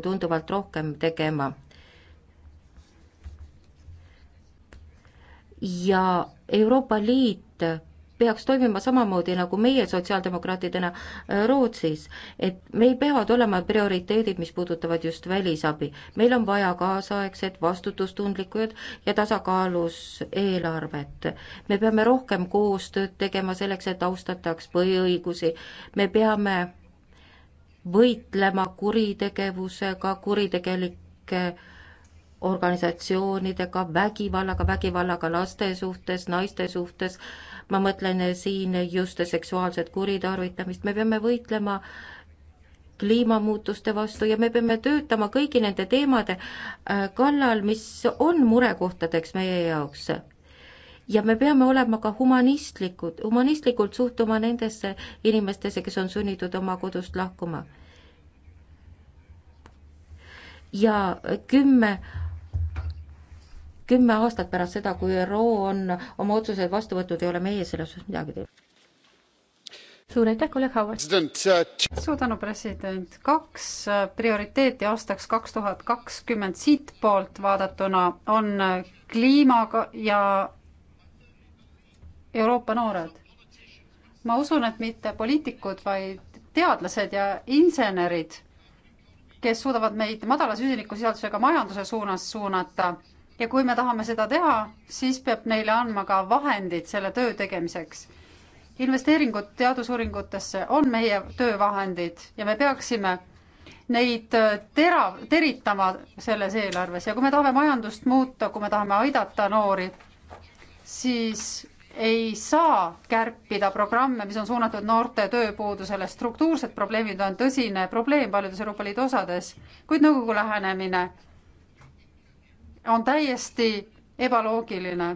tunduvalt rohkem tegema. ja Euroopa Liit peaks toimima samamoodi nagu meie sotsiaaldemokraatidena Rootsis, et meil peavad olema prioriteedid, mis puudutavad just välisabi. meil on vaja kaasaegset, vastutustundlikud ja tasakaalus eelarvet. me peame rohkem koostööd tegema selleks, et austataks põhiõigusi, me peame võitlema kuritegevusega, kuritegelike organisatsioonidega, vägivallaga, vägivallaga laste suhtes, naiste suhtes, ma mõtlen siin just seksuaalset kuritarvitamist, me peame võitlema kliimamuutuste vastu ja me peame töötama kõigi nende teemade äh, kallal, mis on murekohtadeks meie jaoks ja me peame olema ka humanistlikud, humanistlikult suhtuma nendesse inimestesse, kes on sunnitud oma kodust lahkuma. ja kümme kümme aastat pärast seda, kui ÜRO on oma otsused vastu võtnud, ei ole meie selles osas midagi teinud. suur aitäh, kolleeg Howard. suur tänu, president. kaks äh, prioriteeti aastaks kaks tuhat kakskümmend siitpoolt vaadatuna on kliimaga ja Euroopa noored. ma usun, et mitte poliitikud, vaid teadlased ja insenerid, kes suudavad meid madala süsinikusisaldusega majanduse suunas suunata ja kui me tahame seda teha, siis peab neile andma ka vahendid selle töö tegemiseks. investeeringud teadusuuringutesse on meie töövahendid ja me peaksime neid äh, terav, teritama selles eelarves ja kui me tahame majandust muuta, kui me tahame aidata noori, siis ei saa kärpida programme, mis on suunatud noorte tööpuudusele, struktuursed probleemid on tõsine probleem paljudes Euroopa Liidu osades, kuid nõukogu lähenemine on täiesti ebaloogiline.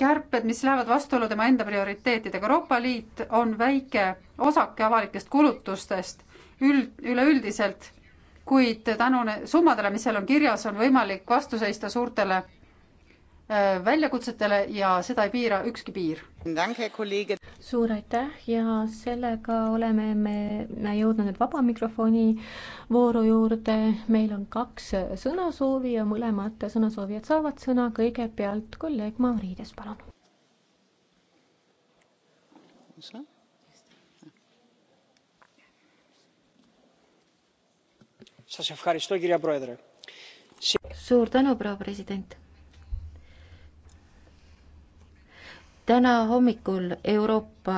kärped, mis lähevad vastuollu tema enda prioriteetidega, Euroopa Liit on väike osake avalikest kulutustest üld, üleüldiselt, kuid tänu summadele, mis seal on kirjas, on võimalik vastu seista suurtele Äh, väljakutsetele ja seda ei piira ükski piir. suur aitäh ja sellega oleme me jõudnud nüüd vaba mikrofoni vooru juurde. meil on kaks sõnasoovi ja mõlemad sõnasoovijad saavad sõna. kõigepealt kolleeg Maurides, palun. suur tänu, proua president täna hommikul Euroopa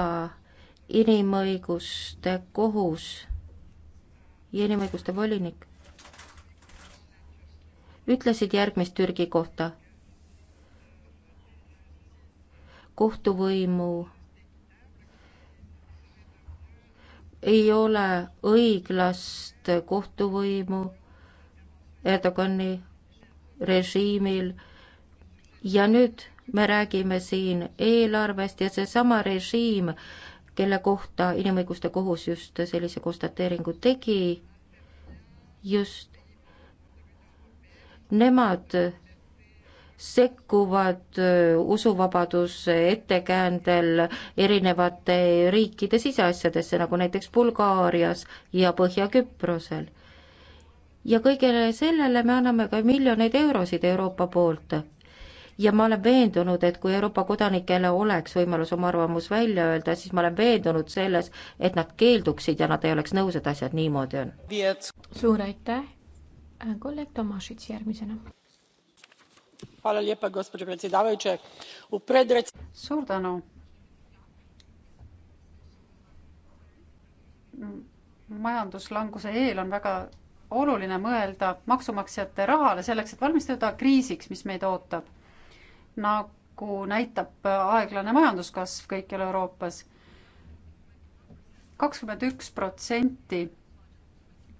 inimõiguste kohus ja inimõiguste volinik ütlesid järgmist Türgi kohta. kohtuvõimu ei ole õiglast kohtuvõimu Erdogani režiimil ja nüüd me räägime siin eelarvest ja seesama režiim, kelle kohta Inimõiguste Kohus just sellise konstateeringu tegi, just nemad sekkuvad äh, usuvabaduse ettekäändel erinevate riikide siseasjadesse, nagu näiteks Bulgaarias ja Põhja-Küprosel. ja kõigele sellele me anname ka miljoneid eurosid Euroopa poolt ja ma olen veendunud, et kui Euroopa kodanikele oleks võimalus oma arvamus välja öelda, siis ma olen veendunud selles, et nad keelduksid ja nad ei oleks nõus, et asjad niimoodi on. suur aitäh, kolleeg Tomašits järgmisena. suur tänu. majanduslanguse eel on väga oluline mõelda maksumaksjate rahale selleks, et valmistuda kriisiks, mis meid ootab nagu näitab aeglane majanduskasv kõikjal Euroopas. kakskümmend üks protsenti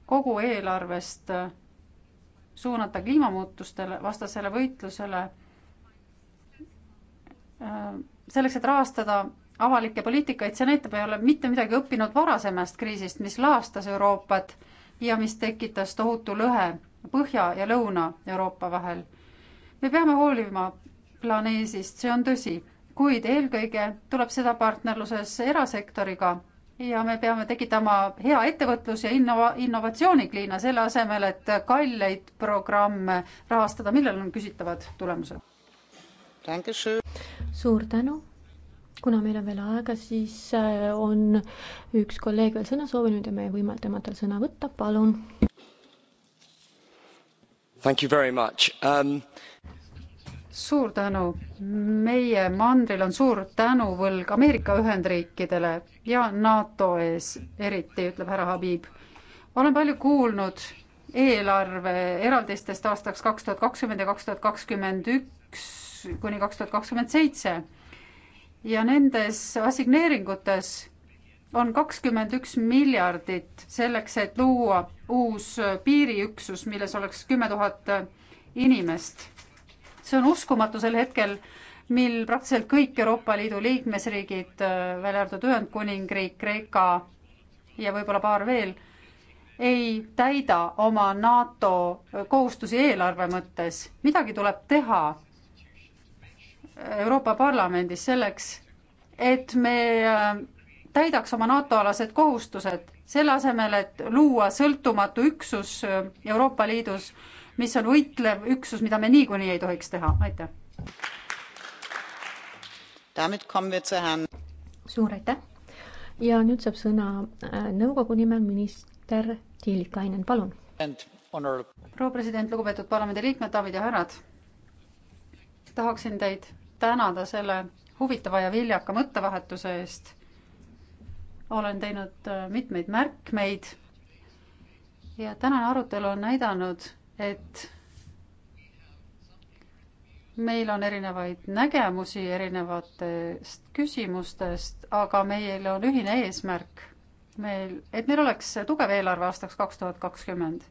kogu eelarvest suunata kliimamuutustele, vastasele võitlusele, selleks, et rahastada avalikke poliitikaid, see näitab, ei ole mitte midagi õppinud varasemast kriisist, mis laastas Euroopat ja mis tekitas tohutu lõhe Põhja ja Lõuna-Euroopa vahel. me peame hoolima planeesist, see on tõsi, kuid eelkõige tuleb seda partnerluses erasektoriga ja me peame tekitama hea ettevõtlus ja innova-, innovatsioonikliina, selle asemel, et kalleid programme rahastada, millel on küsitavad tulemused. suur tänu. kuna meil on veel aega, siis äh, on üks kolleeg veel sõna soovinud ja me võimaldame tal sõna võtta, palun. Thank you very much um, suur tänu. meie mandril on suur tänuvõlg Ameerika Ühendriikidele ja NATO ees eriti, ütleb härra Habib. olen palju kuulnud eelarve eraldistest aastaks kaks tuhat kakskümmend ja kaks tuhat kakskümmend üks kuni kaks tuhat kakskümmend seitse. ja nendes assigneeringutes on kakskümmend üks miljardit selleks, et luua uus piiriüksus, milles oleks kümme tuhat inimest see on uskumatu sel hetkel, mil praktiliselt kõik Euroopa Liidu liikmesriigid, äh, välja arvatud Ühendkuningriik, Kreeka ja võib-olla paar veel, ei täida oma NATO kohustusi eelarve mõttes. midagi tuleb teha Euroopa Parlamendis selleks, et me äh, täidaks oma NATO-alased kohustused, selle asemel, et luua sõltumatu üksus äh, Euroopa Liidus mis on võitlev üksus, mida me niikuinii ei tohiks teha, aitäh. suur aitäh ja nüüd saab sõna äh, nõukogu nimel minister Tiilikainen, palun. proua president, lugupeetud parlamendiliikmed, daamid ja härrad. tahaksin teid tänada selle huvitava ja viljaka mõttevahetuse eest. olen teinud äh, mitmeid märkmeid ja tänane arutelu on näidanud, et meil on erinevaid nägemusi erinevatest küsimustest, aga meil on ühine eesmärk, meil, et meil oleks tugev eelarve aastaks kaks tuhat kakskümmend.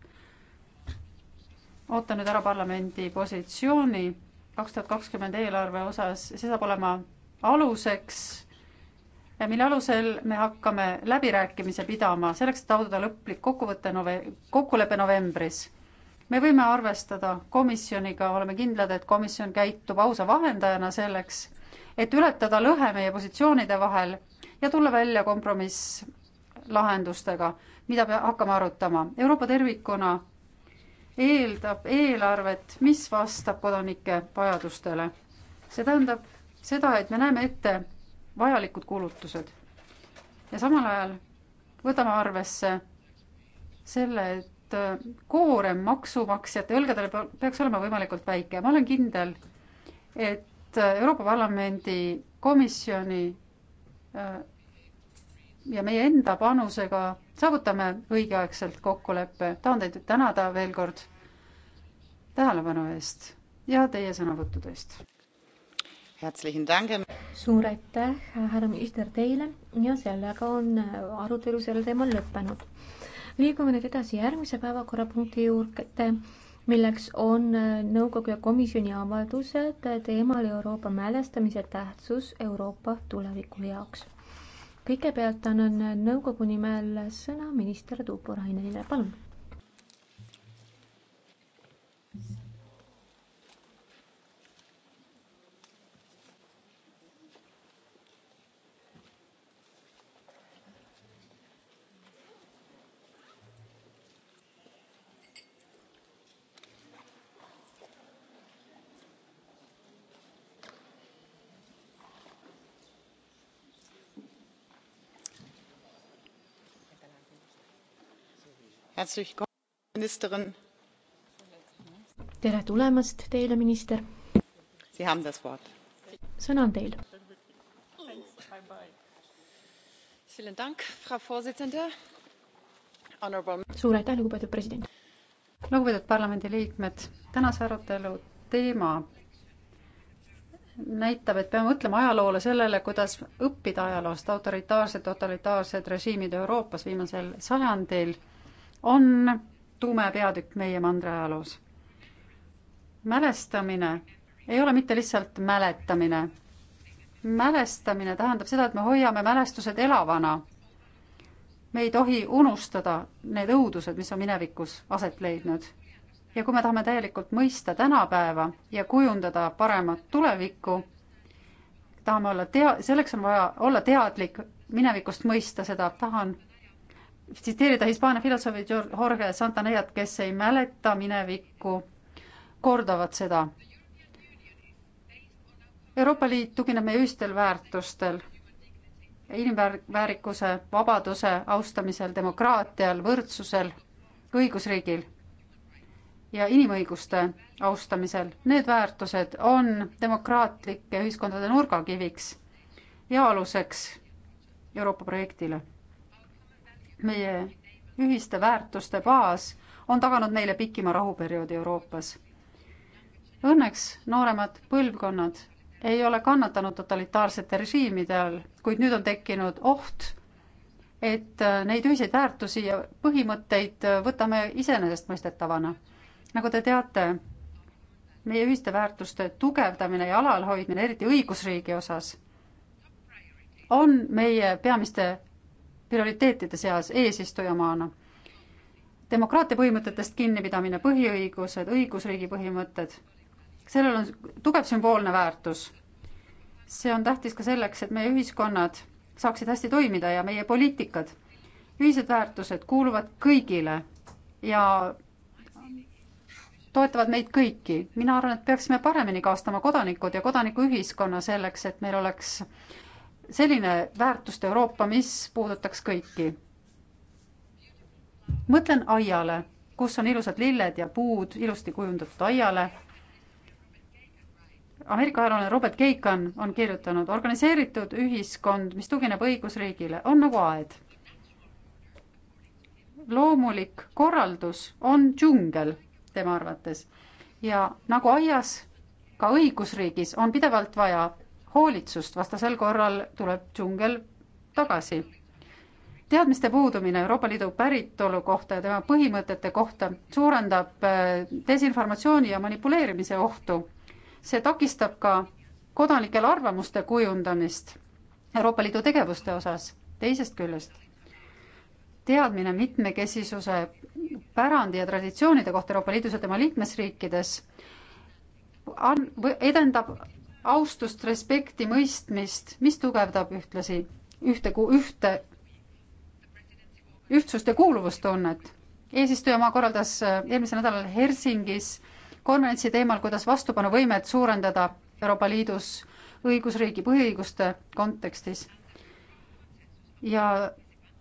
ootan nüüd ära parlamendi positsiooni kaks tuhat kakskümmend eelarve osas, see saab olema aluseks, mille alusel me hakkame läbirääkimisi pidama selleks, et taotleda lõplik kokkuvõte nove-, kokkulepe novembris me võime arvestada komisjoniga, oleme kindlad, et komisjon käitub ausa vahendajana selleks, et ületada lõhe meie positsioonide vahel ja tulla välja kompromisslahendustega, mida me hakkame arutama. Euroopa tervikuna eeldab eelarvet, mis vastab kodanike vajadustele. see tähendab seda, et me näeme ette vajalikud kulutused ja samal ajal võtame arvesse selle, et et äh, koorem maksumaksjate õlgadele peaks olema võimalikult väike. ma olen kindel, et äh, Euroopa Parlamendi komisjoni äh, ja meie enda panusega saavutame õigeaegselt kokkuleppe. tahan teid tänada veel kord tähelepanu eest ja teie sõnavõttude eest. suur aitäh, härra minister, teile ja sellega on arutelu sellel teemal lõppenud liigume nüüd edasi järgmise päevakorrapunkti juurde, milleks on äh, nõukogu ja komisjoni avaldused äh, teemal Euroopa mälestamise tähtsus Euroopa tuleviku jaoks. kõigepealt annan äh, nõukogu nimel sõna minister Tuupurainenile, palun tere tulemast teile, minister. sõna on teil. suur aitäh, lugupeetud president. lugupeetud parlamendiliikmed, tänase arutelu teema näitab, et peame mõtlema ajaloole sellele, kuidas õppida ajaloost autoritaarsed, totalitaarsed režiimid Euroopas viimasel sajandil on tume peatükk meie mandra ajaloos. mälestamine ei ole mitte lihtsalt mäletamine. mälestamine tähendab seda, et me hoiame mälestused elavana. me ei tohi unustada need õudused, mis on minevikus aset leidnud. ja kui me tahame täielikult mõista tänapäeva ja kujundada paremat tulevikku, tahame olla tea-, selleks on vaja olla teadlik minevikust mõista seda, tahan tsiteerida Hispaania filosoofi Jorge Santanellat, kes ei mäleta minevikku, kordavad seda. Euroopa Liit tugineb meie ühistel väärtustel, inimväärikuse, vabaduse austamisel, demokraatial, võrdsusel, õigusriigil ja inimõiguste austamisel. Need väärtused on demokraatlike ühiskondade nurgakiviks ja aluseks Euroopa projektile meie ühiste väärtuste baas on taganud meile pikima rahuperioodi Euroopas. Õnneks nooremad põlvkonnad ei ole kannatanud totalitaarsete režiimide all, kuid nüüd on tekkinud oht, et äh, neid ühiseid väärtusi ja põhimõtteid äh, võtame iseenesestmõistetavana. nagu te teate, meie ühiste väärtuste tugevdamine ja alalhoidmine, eriti õigusriigi osas, on meie peamiste prioriteetide seas eesistujamaana. demokraatia põhimõtetest kinnipidamine, põhiõigused, õigusriigi põhimõtted, sellel on tugev sümboolne väärtus. see on tähtis ka selleks, et meie ühiskonnad saaksid hästi toimida ja meie poliitikad, ühised väärtused kuuluvad kõigile ja toetavad meid kõiki. mina arvan, et peaksime paremini kaastama kodanikud ja kodanikuühiskonna selleks, et meil oleks selline väärtuste Euroopa, mis puudutaks kõiki. mõtlen aiale, kus on ilusad lilled ja puud ilusti kujundatud aiale. Ameerika ajaloolane Robert Keikan on kirjutanud, organiseeritud ühiskond, mis tugineb õigusriigile, on nagu aed. loomulik korraldus on džungel tema arvates ja nagu aias, ka õigusriigis on pidevalt vaja hoolitsust, vastasel korral tuleb džungel tagasi. teadmiste puudumine Euroopa Liidu päritolu kohta ja tema põhimõtete kohta suurendab äh, desinformatsiooni ja manipuleerimise ohtu. see takistab ka kodanikel arvamuste kujundamist Euroopa Liidu tegevuste osas. teisest küljest, teadmine mitmekesisuse pärandi ja traditsioonide kohta Euroopa Liidus ja tema liikmesriikides on, edendab austust, respekti, mõistmist, mis tugevdab ühtlasi ühte, ühte, ühtsust ja kuuluvustunnet. eesistujamaa korraldas äh, eelmisel nädalal Helsingis konverentsi teemal, kuidas vastupanuvõimet suurendada Euroopa Liidus õigusriigi põhiõiguste kontekstis. ja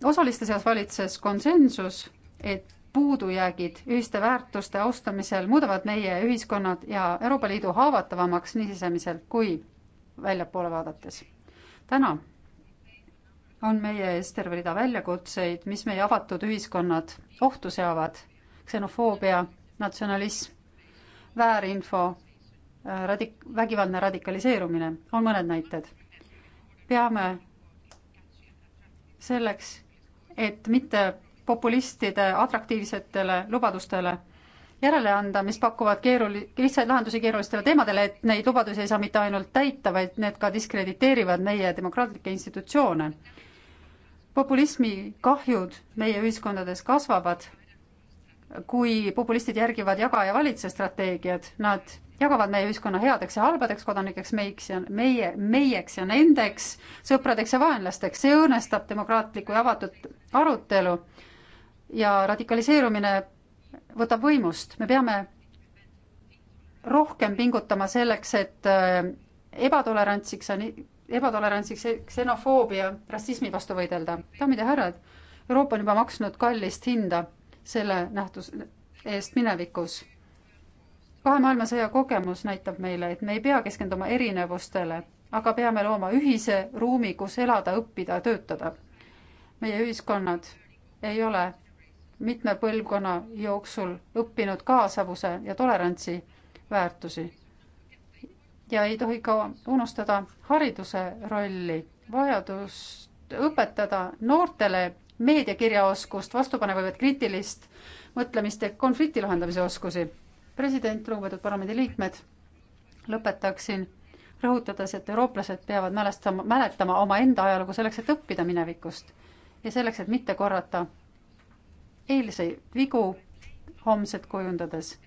osaliste seas valitses konsensus, et puudujäägid ühiste väärtuste austamisel muudavad meie ühiskonnad ja Euroopa Liidu haavatavamaks nii sisemiselt kui väljapoole vaadates. täna on meie ees terve rida väljakutseid, mis meie avatud ühiskonnad ohtu seavad. ksenofoobia, natsionalism, väärinfo, radik-, vägivaldne radikaliseerumine on mõned näited. peame selleks, et mitte populistide atraktiivsetele lubadustele järele anda, mis pakuvad keeruli-, lihtsaid lahendusi keerulistele teemadele, et neid lubadusi ei saa mitte ainult täita, vaid need ka diskrediteerivad meie demokraatlikke institutsioone. populismi kahjud meie ühiskondades kasvavad, kui populistid järgivad jaga ja valitse strateegiat, nad jagavad meie ühiskonna headeks ja halbadeks kodanikeks, meiks ja meie, meieks ja nendeks, sõpradeks ja vaenlasteks, see õõnestab demokraatlikku ja avatud arutelu ja radikaliseerumine võtab võimust, me peame rohkem pingutama selleks, et äh, ebatolerantsiks on, ebatolerantsiks ksenofoobia, rassismi vastu võidelda. daamid ja härrad, Euroopa on juba maksnud kallist hinda selle nähtus eest minevikus. kahe maailmasõja kogemus näitab meile, et me ei pea keskenduma erinevustele, aga peame looma ühise ruumi, kus elada, õppida, töötada. meie ühiskonnad ei ole mitme põlvkonna jooksul õppinud kaasavuse ja tolerantsi väärtusi. ja ei tohi ka unustada hariduse rolli, vajadust õpetada noortele meediakirjaoskust, vastupanevõimet, kriitilist mõtlemist ja konflikti lahendamise oskusi. president, lugupeetud parlamendiliikmed, lõpetaksin rõhutades, et eurooplased peavad mälestama, mäletama omaenda ajalugu selleks, et õppida minevikust ja selleks, et mitte korrata eilseid vigu homset kujundades.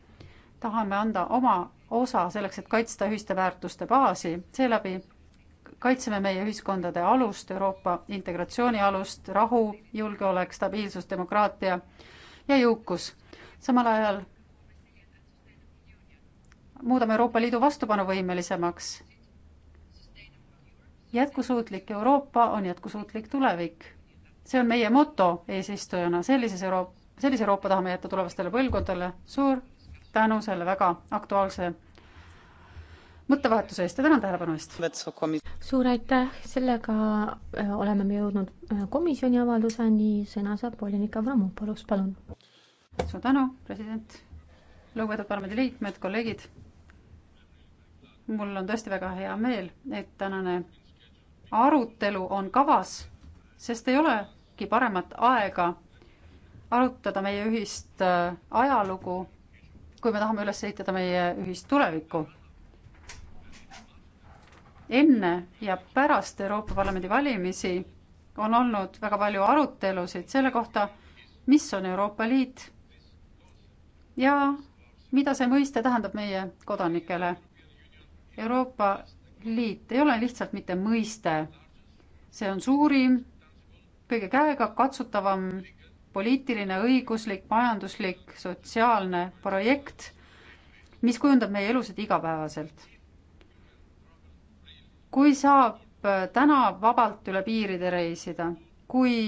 tahame anda oma osa selleks, et kaitsta ühiste väärtuste baasi, seeläbi kaitseme meie ühiskondade alust, Euroopa integratsiooni alust, rahu, julgeolek, stabiilsus, demokraatia ja jõukus. samal ajal muudame Euroopa Liidu vastupanuvõimelisemaks. jätkusuutlik Euroopa on jätkusuutlik tulevik see on meie moto eesistujana, sellises Euroop-, sellise Euroopa tahame jätta tulevastele põlvkondadele, suur tänu selle väga aktuaalse mõttevahetuse eest ja tänan tähelepanu eest. suur aitäh, sellega äh, oleme me jõudnud äh, komisjoni avalduseni, sõna saab volinik Avramopoulos, palun. suur tänu, president, lugupeetud parlamendiliikmed, kolleegid. mul on tõesti väga hea meel, et tänane arutelu on kavas, sest ei ole äkki paremat aega arutada meie ühist äh, ajalugu, kui me tahame üles ehitada meie ühist tulevikku. enne ja pärast Euroopa Parlamendi valimisi on olnud väga palju arutelusid selle kohta, mis on Euroopa Liit ja mida see mõiste tähendab meie kodanikele. Euroopa Liit ei ole lihtsalt mitte mõiste, see on suurim kõige käegakatsutavam poliitiline, õiguslik, majanduslik, sotsiaalne projekt, mis kujundab meie elusid igapäevaselt. kui saab äh, täna vabalt üle piiride reisida, kui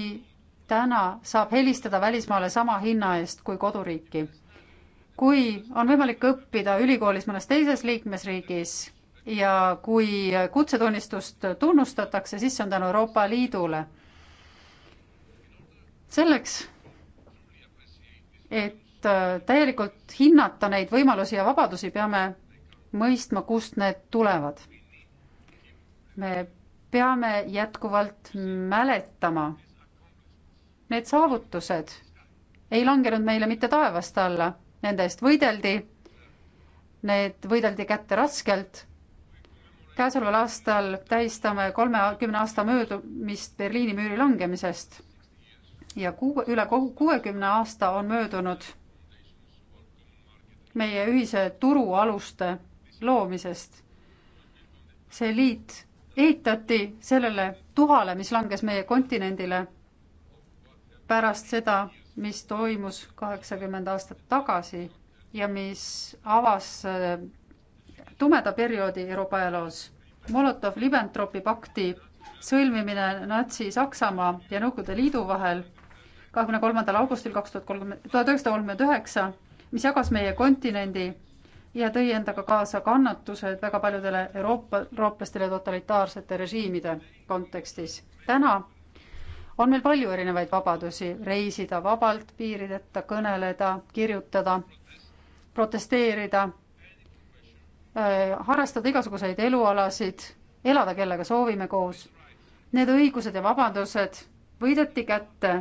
täna saab helistada välismaale sama hinna eest kui koduriiki, kui on võimalik õppida ülikoolis mõnes teises liikmesriigis ja kui kutsetunnistust tunnustatakse, siis see on tänu Euroopa Liidule selleks, et äh, täielikult hinnata neid võimalusi ja vabadusi, peame mõistma, kust need tulevad. me peame jätkuvalt mäletama, need saavutused ei langenud meile mitte taevast alla, nende eest võideldi, need võideldi kätte raskelt. käesoleval aastal tähistame kolmekümne aasta möödumist Berliini müüri langemisest ja kuue, üle kogu kuuekümne aasta on möödunud meie ühise turu aluste loomisest. see liit ehitati sellele tuhale, mis langes meie kontinendile pärast seda, mis toimus kaheksakümmend aastat tagasi ja mis avas äh, tumeda perioodi Euroopa ajaloos. Molotov-Ribbentropi pakti sõlmimine Natsi-Saksamaa ja Nõukogude Liidu vahel kahekümne kolmandal augustil kaks tuhat kolmkümmend, tuhat üheksasada kolmkümmend üheksa, mis jagas meie kontinendi ja tõi endaga kaasa kannatused väga paljudele Euroopa, eurooplastele totalitaarsete režiimide kontekstis. täna on meil palju erinevaid vabadusi, reisida vabalt, piirideta, kõneleda, kirjutada, protesteerida äh,, harrastada igasuguseid elualasid, elada kellega soovime koos. Need õigused ja vabadused võideti kätte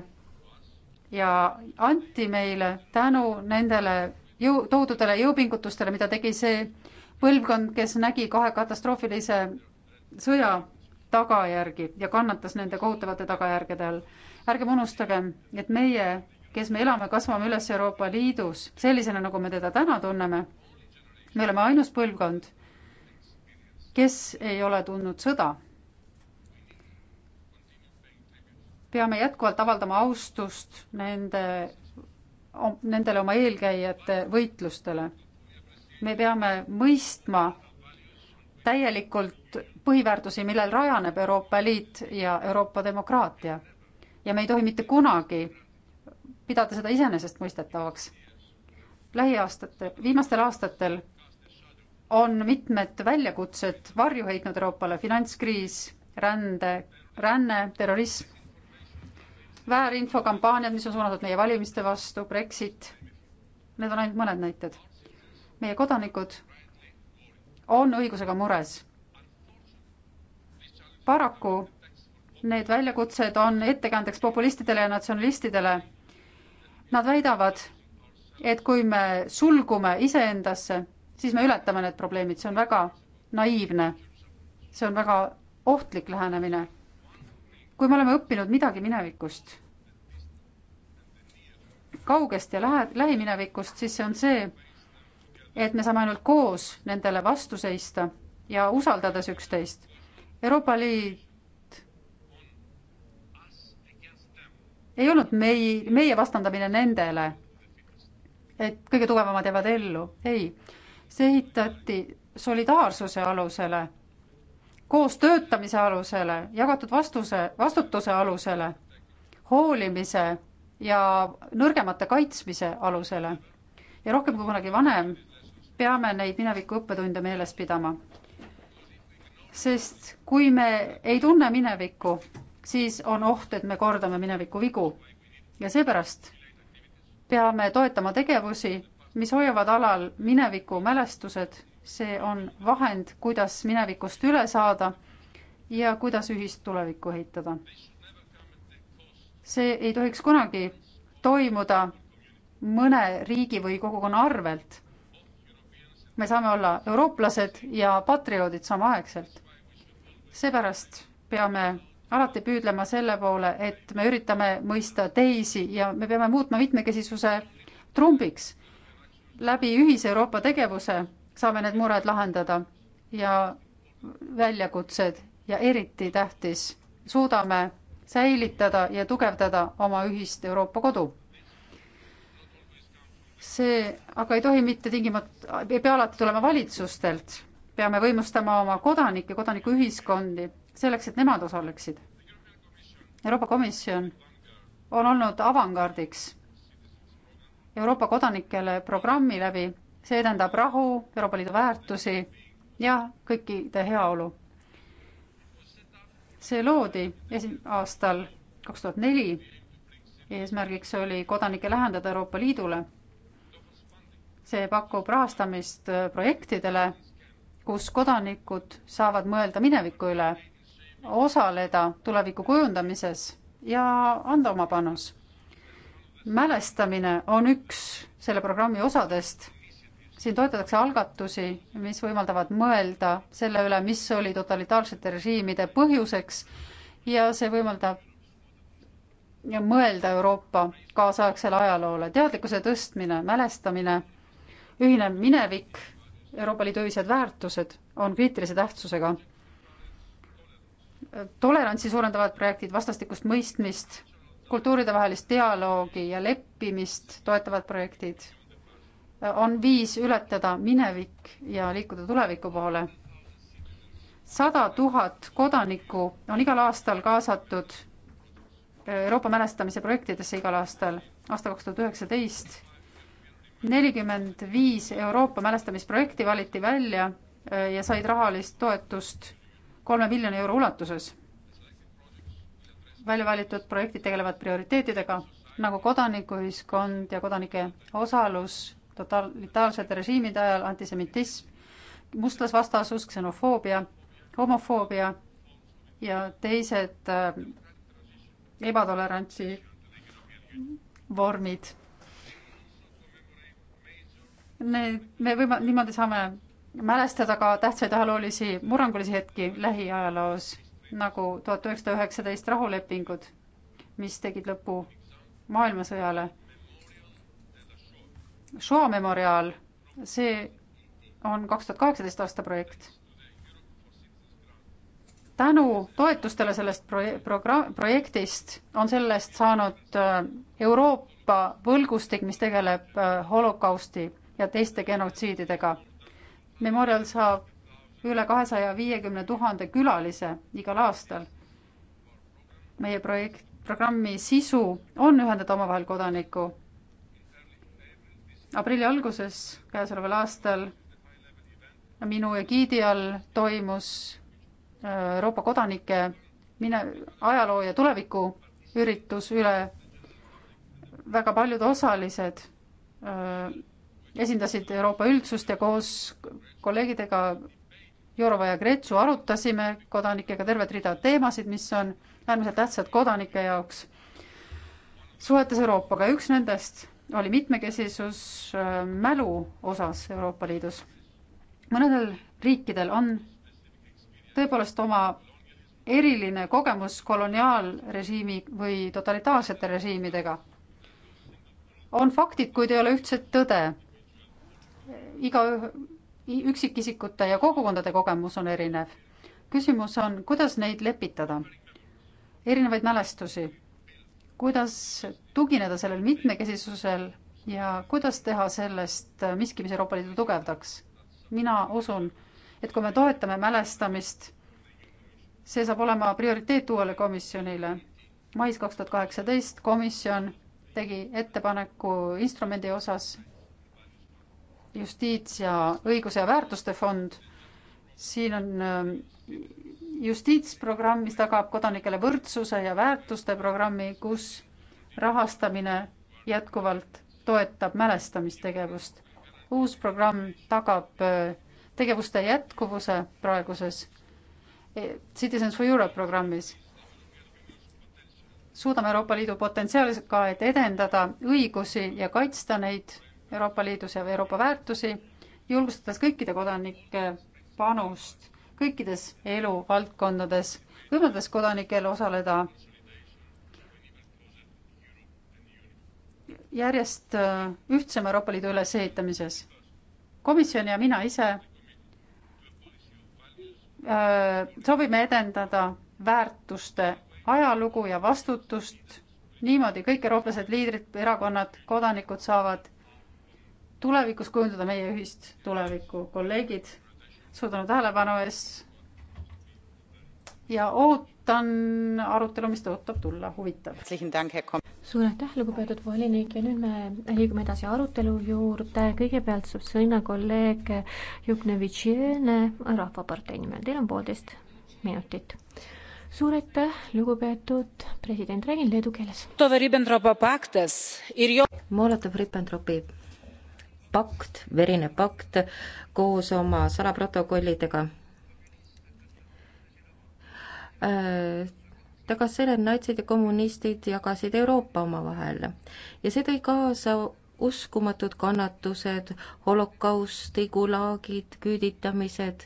ja anti meile tänu nendele jõu, toodudele jõupingutustele, mida tegi see põlvkond, kes nägi kahe katastroofilise sõja tagajärgi ja kannatas nende kohutavate tagajärgede all. ärgem unustagem, et meie, kes me elame, kasvame üles Euroopa Liidus sellisena, nagu me teda täna tunneme, me oleme ainus põlvkond, kes ei ole tundnud sõda peame jätkuvalt avaldama austust nende, nendele oma eelkäijate võitlustele. me peame mõistma täielikult põhiväärtusi, millel rajaneb Euroopa Liit ja Euroopa demokraatia. ja me ei tohi mitte kunagi pidada seda iseenesestmõistetavaks. lähiaastate, viimastel aastatel on mitmed väljakutsed varju heitnud Euroopale, finantskriis, rände, ränne, terrorism, väärinfokampaaniad, mis on suunatud meie valimiste vastu, Brexit, need on ainult mõned näited. meie kodanikud on õigusega mures. paraku need väljakutsed on ettekäändeks populistidele ja natsionalistidele. Nad väidavad, et kui me sulgume iseendasse, siis me ületame need probleemid, see on väga naiivne. see on väga ohtlik lähenemine kui me oleme õppinud midagi minevikust, kaugest ja lähe, lähiminevikust, siis see on see, et me saame ainult koos nendele vastu seista ja usaldades üksteist. Euroopa Liit ei olnud mei-, meie vastandamine nendele, et kõige tugevamad jäävad ellu, ei. see ehitati solidaarsuse alusele koos töötamise alusele, jagatud vastuse, vastutuse alusele, hoolimise ja nõrgemate kaitsmise alusele. ja rohkem kui kunagi vanem peame neid mineviku õppetunde meeles pidama. sest kui me ei tunne minevikku, siis on oht, et me kordame mineviku vigu. ja seepärast peame toetama tegevusi, mis hoiavad alal mineviku mälestused see on vahend, kuidas minevikust üle saada ja kuidas ühist tulevikku ehitada. see ei tohiks kunagi toimuda mõne riigi või kogukonna arvelt. me saame olla eurooplased ja patrioodid samaaegselt. seepärast peame alati püüdlema selle poole, et me üritame mõista teisi ja me peame muutma mitmekesisuse trumbiks läbi ühise Euroopa tegevuse saame need mured lahendada ja väljakutsed ja eriti tähtis, suudame säilitada ja tugevdada oma ühist Euroopa kodu. see aga ei tohi mitte tingimata, ei pea alati tulema valitsustelt, peame võimustama oma kodanikke, kodanikuühiskondi selleks, et nemad osaleksid. Euroopa Komisjon on olnud avangardiks Euroopa kodanikele programmi läbi, see edendab rahu, Euroopa Liidu väärtusi ja kõikide heaolu. see loodi esi-, aastal kaks tuhat neli, eesmärgiks oli kodanikke lähendada Euroopa Liidule. see pakub rahastamist projektidele, kus kodanikud saavad mõelda mineviku üle, osaleda tuleviku kujundamises ja anda oma panus mälestamine on üks selle programmi osadest siin toetatakse algatusi, mis võimaldavad mõelda selle üle, mis oli totalitaarsete režiimide põhjuseks ja see võimaldab ja mõelda Euroopa kaasaegsele ajaloole, teadlikkuse tõstmine, mälestamine, ühine minevik, Euroopa Liidu ühised väärtused on kriitilise tähtsusega. tolerantsi suurendavad projektid, vastastikust mõistmist, kultuuridevahelist dialoogi ja leppimist toetavad projektid on viis ületada minevik ja liikuda tuleviku poole. sada tuhat kodanikku on igal aastal kaasatud Euroopa mälestamise projektidesse igal aastal. aasta kaks tuhat üheksateist nelikümmend viis Euroopa mälestamisprojekti valiti välja äh, ja said rahalist toetust kolme miljoni euro ulatuses. välja valitud projektid tegelevad prioriteetidega nagu kodanikuühiskond ja kodanike osalus totalitaarsete režiimide ajal antisemitism, mustlasvastasus, ksenofoobia, homofoobia ja teised äh, ebatolerantsi vormid. Need, me võime, niimoodi saame mälestada ka tähtsaid ajaloolisi murrangulisi hetki lähiajaloos, nagu tuhat üheksasada üheksateist rahulepingud, mis tegid lõpu maailmasõjale Shoa memoriaal, see on kaks tuhat kaheksateist aasta projekt. tänu toetustele sellest proje-, progra-, projektist on sellest saanud äh, Euroopa võlgustik, mis tegeleb äh, holokausti ja teiste genotsiididega. Memorial saab üle kahesaja viiekümne tuhande külalise igal aastal. meie projekt, programmi sisu on ühendada omavahel kodaniku aprilli alguses käesoleval aastal minu egiidi all toimus äh, Euroopa kodanike mine-, ajaloo ja tuleviku üritus üle väga paljud osalised öö, äh, esindasid Euroopa üldsust ja koos kolleegidega Jorova ja Gretsu arutasime kodanikega tervet rida teemasid, mis on äärmiselt tähtsad kodanike jaoks suhetes Euroopaga ja üks nendest oli mitmekesisus äh, mälu osas Euroopa Liidus. mõnedel riikidel on tõepoolest oma eriline kogemus koloniaalrežiimi või totalitaarsete režiimidega. on faktid, kuid ei ole ühtset tõde. iga üksikisikute ja kogukondade kogemus on erinev. küsimus on, kuidas neid lepitada, erinevaid mälestusi kuidas tugineda sellel mitmekesisusel ja kuidas teha sellest miski, mis Euroopa Liidu tugevdaks. mina usun, et kui me toetame mälestamist, see saab olema prioriteet uuele komisjonile. mais kaks tuhat kaheksateist komisjon tegi ettepaneku instrumendi osas justiits ja õiguse ja väärtuste fond. siin on ähm, justiitsprogramm, mis tagab kodanikele võrdsuse ja väärtuste programmi, kus rahastamine jätkuvalt toetab mälestamistegevust. uus programm tagab äh, tegevuste jätkuvuse praeguses e, Citizens for Europe programmis. suudame Euroopa Liidu potentsiaaliga, et edendada õigusi ja kaitsta neid Euroopa Liidus ja Euroopa väärtusi, julgustades kõikide kodanike panust kõikides eluvaldkondades, võimaldades kodanikel osaleda järjest äh, ühtsema Euroopa Liidu ülesehitamises. komisjon ja mina ise äh, soovime edendada väärtuste ajalugu ja vastutust. niimoodi kõik eurooplased, liidrid, erakonnad, kodanikud saavad tulevikus kujundada meie ühist tulevikku, kolleegid suur tänu tähelepanu eest ja ootan arutelu, mis tõotab tulla huvitav. suur aitäh, lugupeetud volinik ja nüüd me liigume edasi arutelu juurde. kõigepealt saab sõna kolleeg Juknevitšene Rahvapartei nimel, teil on poolteist minutit suur aitäh, lugupeetud president, räägin leedu keeles. Molotov-Ribbentropi pakt, verine pakt koos oma salaprotokollidega äh, tagas selle, et natsid ja kommunistid jagasid Euroopa omavahel ja see tõi kaasa uskumatud kannatused, holokausti, gulaagid, küüditamised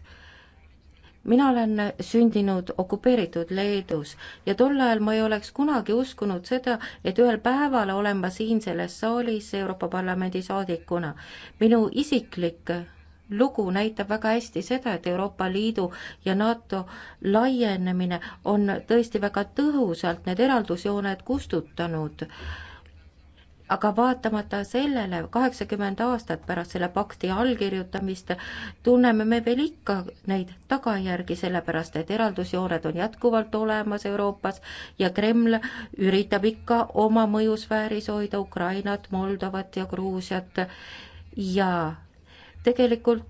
mina olen sündinud okupeeritud Leedus ja tol ajal ma ei oleks kunagi uskunud seda, et ühel päeval olen ma siin selles saalis Euroopa Parlamendi saadikuna. minu isiklik lugu näitab väga hästi seda, et Euroopa Liidu ja NATO laienemine on tõesti väga tõhusalt need eraldusjooned kustutanud aga vaatamata sellele, kaheksakümmend aastat pärast selle pakti allkirjutamist tunneme me veel ikka neid tagajärgi, sellepärast et eraldusjooned on jätkuvalt olemas Euroopas ja Kreml üritab ikka oma mõjusfääris hoida Ukrainat, Moldovat ja Gruusiat ja tegelikult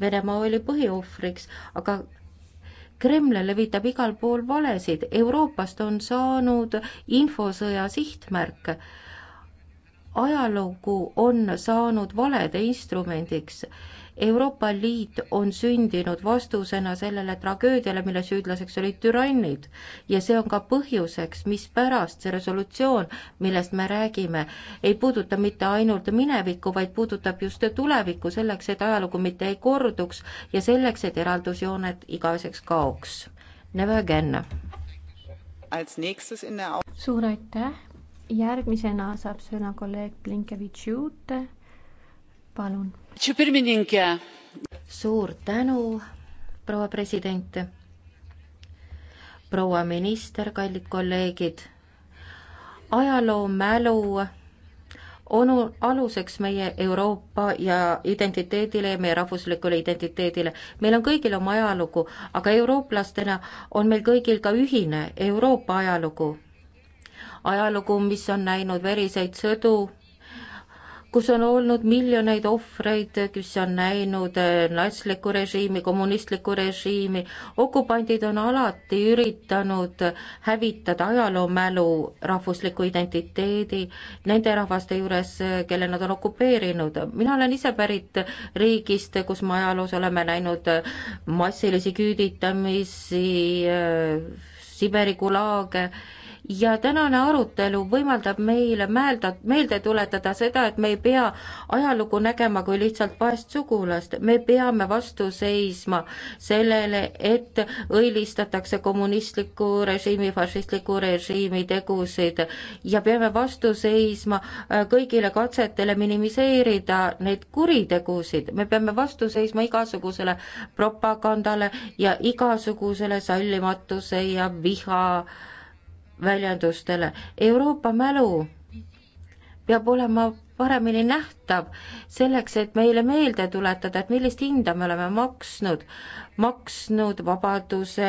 Venemaa oli põhiohvriks, aga Kreml levitab igal pool valesid, Euroopast on saanud infosõja sihtmärk. ajalugu on saanud valede instrumendiks Euroopa Liit on sündinud vastusena sellele tragöödiale, mille süüdlaseks olid türannid. ja see on ka põhjuseks, mispärast see resolutsioon, millest me räägime, ei puuduta mitte ainult minevikku, vaid puudutab just tulevikku, selleks et ajalugu mitte ei korduks ja selleks, et eraldusjooned igaveseks kaoks. Never again. suur aitäh, järgmisena saab sõna kolleeg Blinkevitš-Juute palun. suur tänu, proua president. proua minister, kallid kolleegid. ajaloomälu on aluseks meie Euroopa ja identiteedile ja meie rahvuslikule identiteedile. meil on kõigil oma ajalugu, aga eurooplastena on meil kõigil ka ühine Euroopa ajalugu. ajalugu, mis on näinud veriseid sõdu kus on olnud miljoneid ohvreid, kes on näinud eh, natslikku režiimi, kommunistlikku režiimi. okupandid on alati üritanud hävitada ajaloomälu, rahvusliku identiteedi nende rahvaste juures, eh, kelle nad on okupeerinud. mina olen ise pärit riigist, kus me ajaloos oleme näinud eh, massilisi küüditamisi, Siberi gulaage ja tänane arutelu võimaldab meile mäelda, meelde tuletada seda, et me ei pea ajalugu nägema kui lihtsalt vaest sugulast, me peame vastu seisma sellele, et õilistatakse kommunistliku režiimi, fašistliku režiimi tegusid ja peame vastu seisma äh, kõigile katsetele minimiseerida neid kuritegusid, me peame vastu seisma igasugusele propagandale ja igasugusele sallimatuse ja viha väljendustele. Euroopa mälu peab olema paremini nähtav, selleks et meile meelde tuletada, et millist hinda me oleme maksnud, maksnud vabaduse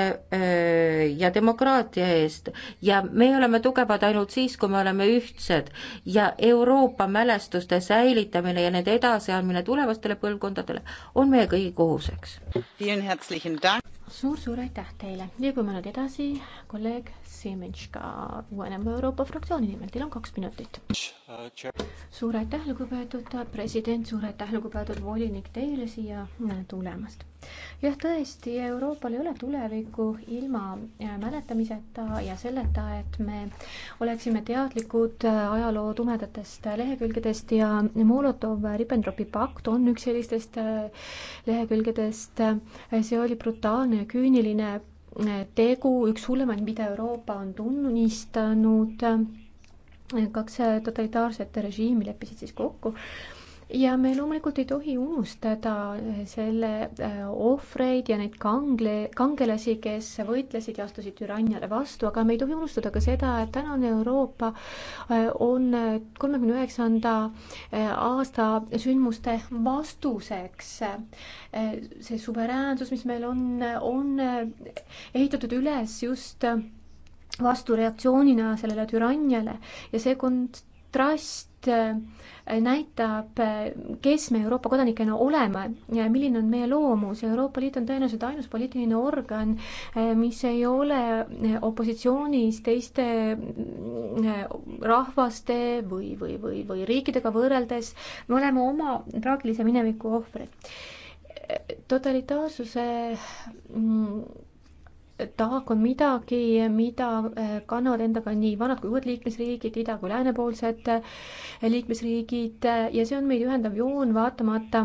ja demokraatia eest ja me oleme tugevad ainult siis, kui me oleme ühtsed ja Euroopa mälestuste säilitamine ja nende edasiandmine tulevastele põlvkondadele on meie kõigi kohuseks suur,. suur-suur aitäh teile, liigume nüüd edasi, kolleeg Simenška Uuenema Euroopa fraktsiooni nimel, teil on kaks minutit. suur suur aitäh, lugupeetud president, suur aitäh, lugupeetud volinik, teile siia tulemast. jah, tõesti, Euroopal ei ole tulevikku ilma äh, mäletamiseta ja selleta, et me oleksime teadlikud äh, ajaloo tumedatest äh, lehekülgedest ja Molotov-Ribbentropi pakt on üks sellistest lehekülgedest. see oli brutaalne ja küüniline tegu, üks hullemaid, mida Euroopa on tunnistanud kaks totalitaarset režiimi leppisid siis kokku ja me loomulikult ei tohi unustada selle äh, ohvreid ja neid kangle, kangelasi, kes võitlesid ja astusid türanniale vastu, aga me ei tohi unustada ka seda, et tänane Euroopa äh, on kolmekümne üheksanda äh, aasta sündmuste vastuseks. see suveräänsus, mis meil on, on ehitatud üles just vastureaktsioonina sellele türanniale ja see kontrast äh, näitab, äh, kes me Euroopa kodanikena oleme ja milline on meie loomus. Euroopa Liit on tõenäoliselt ainus poliitiline organ, äh, mis ei ole opositsioonis teiste rahvaste või, või, või, või riikidega võrreldes. me oleme oma traagilise mineviku ohvrid. totalitaarsuse mm, taak on midagi, mida eh, kannavad endaga nii vanad kui uued liikmesriigid, ida kui läänepoolsed eh, liikmesriigid eh, ja see on meid ühendav joon, vaatamata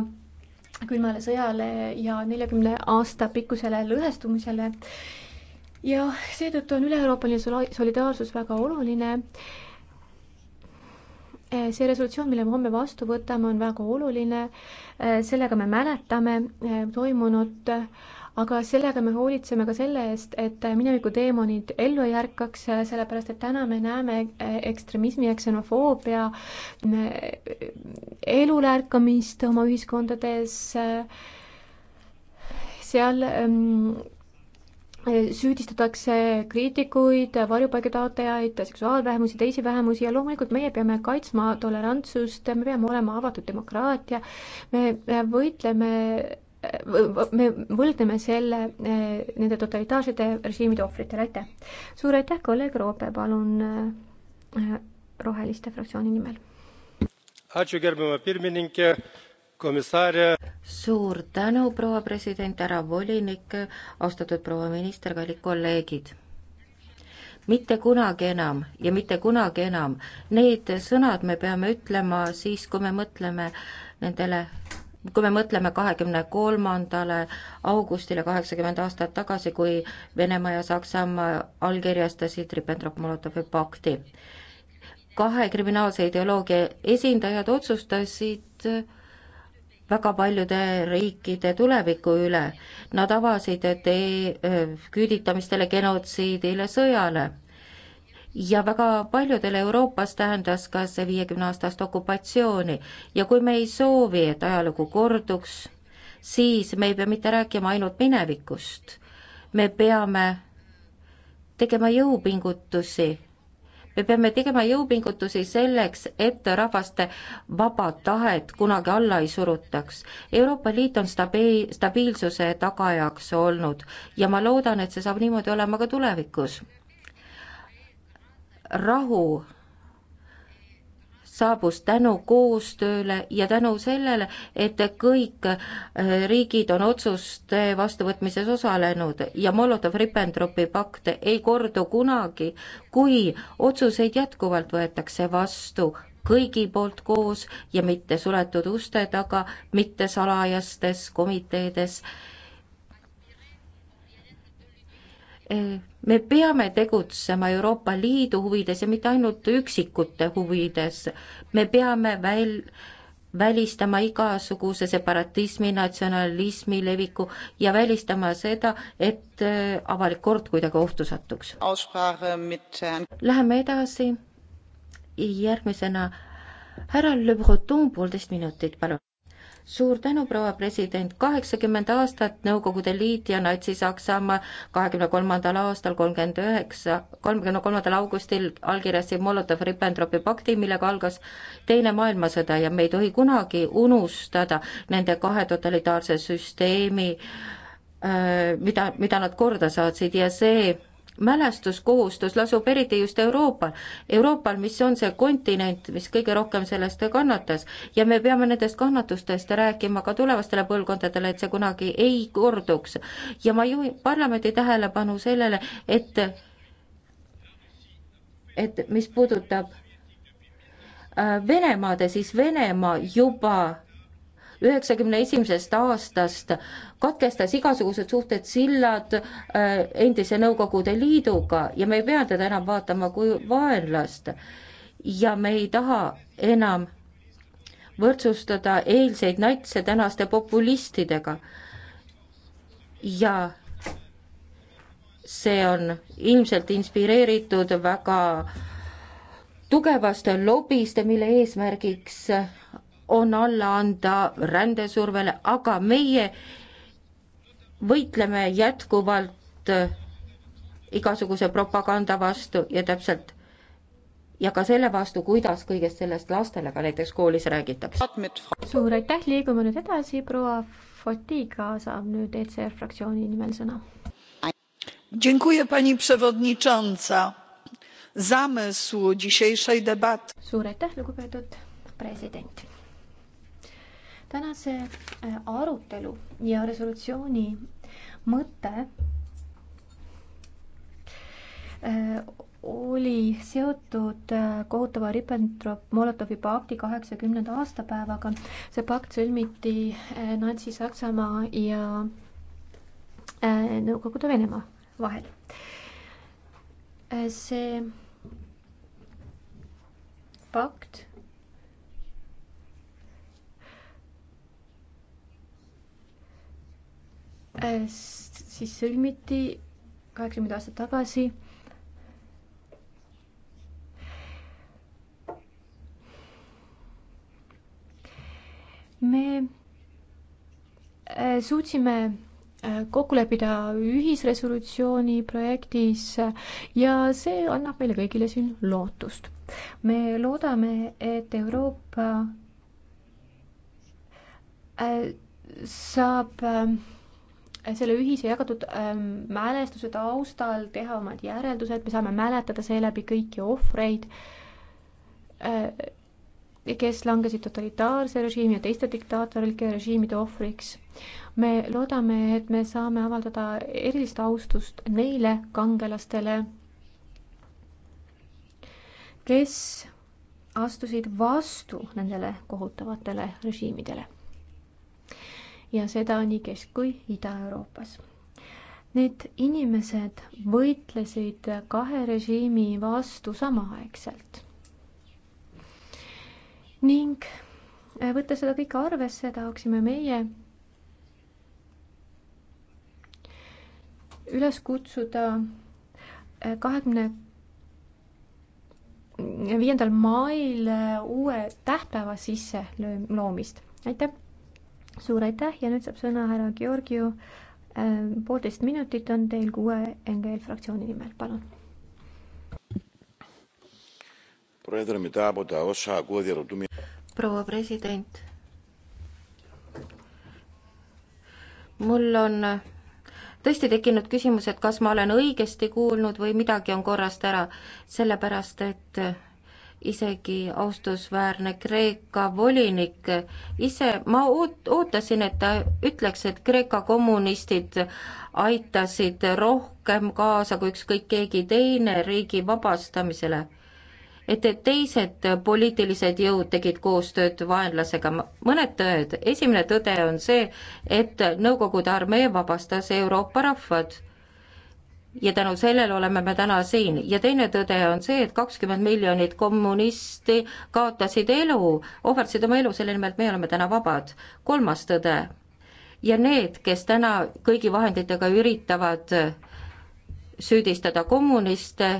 külmale sõjale ja neljakümne aasta pikkusele lõhestumisele. ja seetõttu on üle-euroopaline solidaarsus väga oluline see resolutsioon, mille me homme vastu võtame, on väga oluline. sellega me mäletame toimunut aga sellega me hoolitseme ka selle eest, et mineviku teemonid ellu ei ärkaks, sellepärast et täna me näeme eh, ekstremismi ja ksenofoobia eh, elule ärkamist oma ühiskondades, eh, seal mm, süüdistatakse kriitikuid, varjupaiga taotlejaid, seksuaalvähemusi, teisi vähemusi ja loomulikult meie peame kaitsma tolerantsust, me peame olema avatud demokraatia, me võitleme me võlgneme selle eh, nende totalitaarsete režiimide ohvritele, aitäh. suur aitäh, kolleeg Roope, palun eh, Roheliste fraktsiooni nimel. suur tänu, proua president, härra volinik, austatud proua minister, kallid kolleegid mitte kunagi enam ja mitte kunagi enam. Need sõnad me peame ütlema siis, kui me mõtleme nendele kui me mõtleme kahekümne kolmandale augustile kaheksakümmend aastat tagasi, kui Venemaa ja Saksamaa allkirjastasid Ribbentrop-Molotovi pakti. kahe kriminaalse ideoloogia esindajad otsustasid väga paljude riikide tuleviku üle. Nad avasid tee eh, küüditamistele, genotsiidile, sõjale ja väga paljudele Euroopas tähendas ka see viiekümne aastast okupatsiooni ja kui me ei soovi, et ajalugu korduks, siis me ei pea mitte rääkima ainult minevikust, me peame tegema jõupingutusi, me peame tegema jõupingutusi selleks, et rahvaste vaba tahet kunagi alla ei surutaks. Euroopa Liit on stabi-, stabiilsuse tagajaks olnud ja ma loodan, et see saab niimoodi olema ka tulevikus rahu saabus tänu koostööle ja tänu sellele, et kõik äh, riigid on otsuste vastuvõtmises osalenud ja Molotov-Ribbentropi pakt ei kordu kunagi, kui otsuseid jätkuvalt võetakse vastu kõigi poolt koos ja mitte suletud uste taga, mitte salajastes komiteedes me peame tegutsema Euroopa Liidu huvides ja mitte ainult üksikute huvides, me peame väl-, välistama igasuguse separatismi, natsionalismi leviku ja välistama seda, et äh, avalik kord kuidagi ohtu satuks. Läheme edasi, järgmisena härra Le Breton, poolteist minutit, palun suur tänu, proua president, kaheksakümmend aastat Nõukogude Liit ja Natsi-Saksamaa kahekümne kolmandal aastal kolmkümmend üheksa, kolmekümne kolmandal augustil allkirjastasid Molotov-Ribbentropi pakti, millega algas Teine maailmasõda ja me ei tohi kunagi unustada nende kahe totalitaarse süsteemi, äh, mida, mida nad korda saatsid ja see mälestuskohustus lasub eriti just Euroopal, Euroopal, mis on see kontinent, mis kõige rohkem sellest kannatas ja me peame nendest kannatustest rääkima ka tulevastele põlvkondadele, et see kunagi ei korduks. ja ma juhin parlamendi tähelepanu sellele, et et mis puudutab äh, Venemaad, siis Venemaa juba üheksakümne esimesest aastast, katkestas igasugused suhted, sillad äh, endise Nõukogude Liiduga ja me ei pea teda enam vaatama kui vaenlast. ja me ei taha enam võrdsustada eilseid natse tänaste populistidega. ja see on ilmselt inspireeritud väga tugevast lobist, mille eesmärgiks on alla anda rändesurvele, aga meie võitleme jätkuvalt äh, igasuguse propaganda vastu ja täpselt ja ka selle vastu, kuidas kõigest sellest lastele ka näiteks koolis räägitakse. suur aitäh, liigume nüüd edasi, proua Fotiga saab nüüd ECR fraktsiooni nimel sõna. suur aitäh, lugupeetud president tänase äh, arutelu ja resolutsiooni mõte äh, oli seotud äh, kohutava Ribbentrop-Molotovi pakti kaheksakümnenda aastapäevaga. see pakt sõlmiti Natsi-Saksamaa ja Nõukogude Venemaa vahel. see pakt Äh, siis sõlmiti kaheksakümmend aastat tagasi. me äh, suutsime äh, kokku leppida ühisresolutsiooni projektis ja see annab meile kõigile siin lootust. me loodame, et Euroopa saab Äh, selle ühise jagatud ähm, mälestuse taustal teha omad järeldused, me saame mäletada seeläbi kõiki ohvreid äh,, kes langesid totalitaarse režiimi ja teiste diktaatorlike režiimide ohvriks. me loodame, et me saame avaldada erilist austust neile kangelastele, kes astusid vastu nendele kohutavatele režiimidele ja seda nii Kesk- kui Ida-Euroopas. Need inimesed võitlesid kahe režiimi vastu samaaegselt. ning äh, võttes seda kõike arvesse, tahaksime meie üles kutsuda äh, kahekümne viiendal mail äh, uue tähtpäeva sisse löö-, loomist. aitäh! suur aitäh ja nüüd saab sõna härra Georgiu. Ähm, poolteist minutit on teil kuue NGL fraktsiooni nimel, palun. proua president. mul on tõesti tekkinud küsimus, et kas ma olen õigesti kuulnud või midagi on korrast ära, sellepärast et isegi austusväärne Kreeka volinik ise, ma oot-, ootasin, et ta ütleks, et Kreeka kommunistid aitasid rohkem kaasa kui ükskõik keegi teine riigi vabastamisele. et teised poliitilised jõud tegid koostööd vaenlasega, mõned tõed, esimene tõde on see, et Nõukogude armee vabastas Euroopa rahvad ja tänu sellele oleme me täna siin ja teine tõde on see, et kakskümmend miljonit kommunisti kaotasid elu, ohverdasid oma elu selle nimel, et meie oleme täna vabad. kolmas tõde ja need, kes täna kõigi vahenditega üritavad süüdistada kommuniste,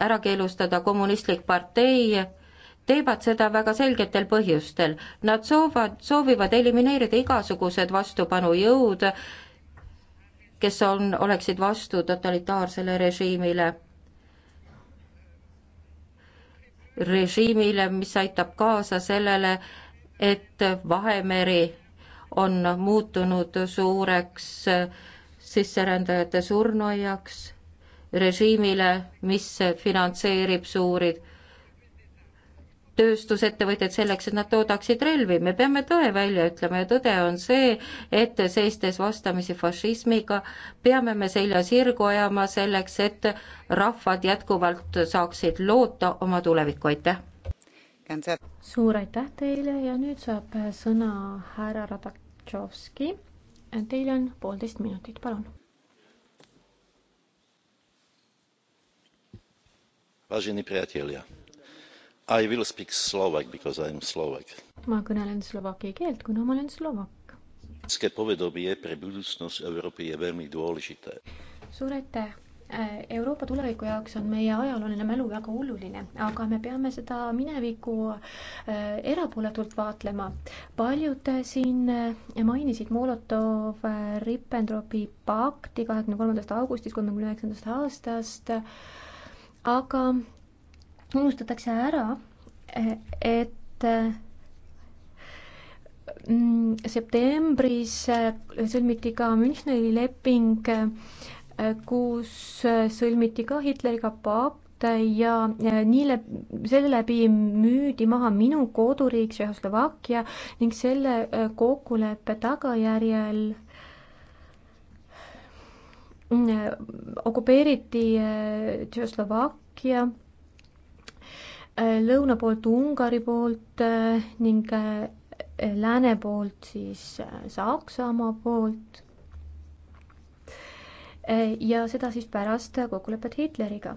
ära keelustada kommunistlik partei, teevad seda väga selgetel põhjustel. Nad soovad, soovivad elimineerida igasugused vastupanujõud kes on, oleksid vastu totalitaarsele režiimile. režiimile, mis aitab kaasa sellele, et Vahemeri on muutunud suureks sisserändajate surnuaiaks, režiimile, mis finantseerib suuri tööstusettevõtjad selleks, et nad toodaksid relvi, me peame tõe välja ütlema ja tõde on see, et seistes vastamisi fašismiga, peame me selja sirgu ajama selleks, et rahvad jätkuvalt saaksid loota oma tulevikku, aitäh! suur aitäh teile ja nüüd saab sõna härra Radatšovski. Teil on poolteist minutit, palun. Vážení priatelia, I will speak Slovak because I am Slovak. ma kõnelen slovaki keelt, kuna ma olen slovakk. České povedomie pre budúcnosť Európy je veľmi dôležité. suur aitäh äh, Euroopa tuleviku jaoks on meie ajalooline mälu väga oluline, aga me peame seda minevikku äh, erapooletult vaatlema. paljud siin äh, mainisid Molotov-Ribbentropi pakti kahekümne kolmandast augustist kolmekümne üheksandast aastast, aga unustatakse ära, et mm, septembris äh, sõlmiti ka Müncheni leping, äh, kus äh, sõlmiti ka Hitleriga pakt ja nii läb-, selle läbi müüdi maha minu koduriik Tšehhoslovakkia ning selle kokkuleppe tagajärjel okupeeriti Tšehhoslovakkia Äh, lõuna poolt Ungari poolt äh, ning äh, lääne poolt siis Saksamaa poolt. ja seda siis pärast kokkulepet Hitleriga.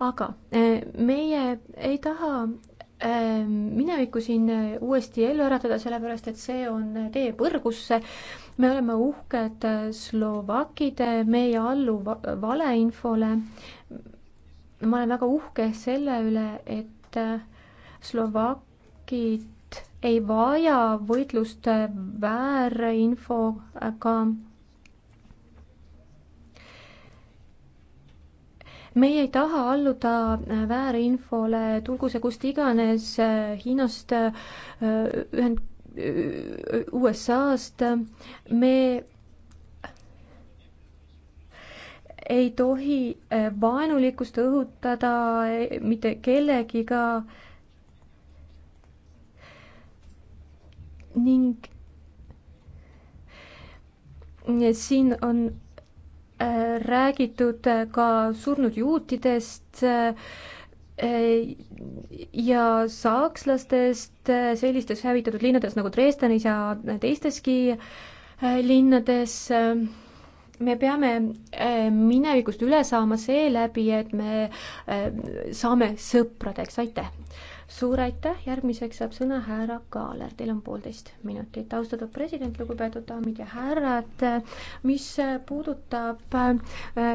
aga meie ei taha minevikku siin uuesti ellu äratada, sellepärast et see on tee põrgusse. me oleme uhked Slovakid, me ei allu valeinfole, ma olen väga uhke selle üle, et Slovakid ei vaja võitlust väärinfoga. meie ei taha alluda väärinfole, tulgu see kust iganes, Hiinast, ühend-, USA-st, me ei tohi eh, vaenulikkust õhutada eh, mitte kellegiga ning eh, siin on räägitud ka surnud juutidest ja sakslastest sellistes hävitatud linnades nagu Dresdenis ja teisteski linnades me peame äh, minevikust üle saama seeläbi, et me äh, saame sõpradeks, aitäh! suur aitäh, järgmiseks saab sõna härra Kaaler, teil on poolteist minutit. austatud president, lugupeetud daamid ja härrad, mis puudutab äh,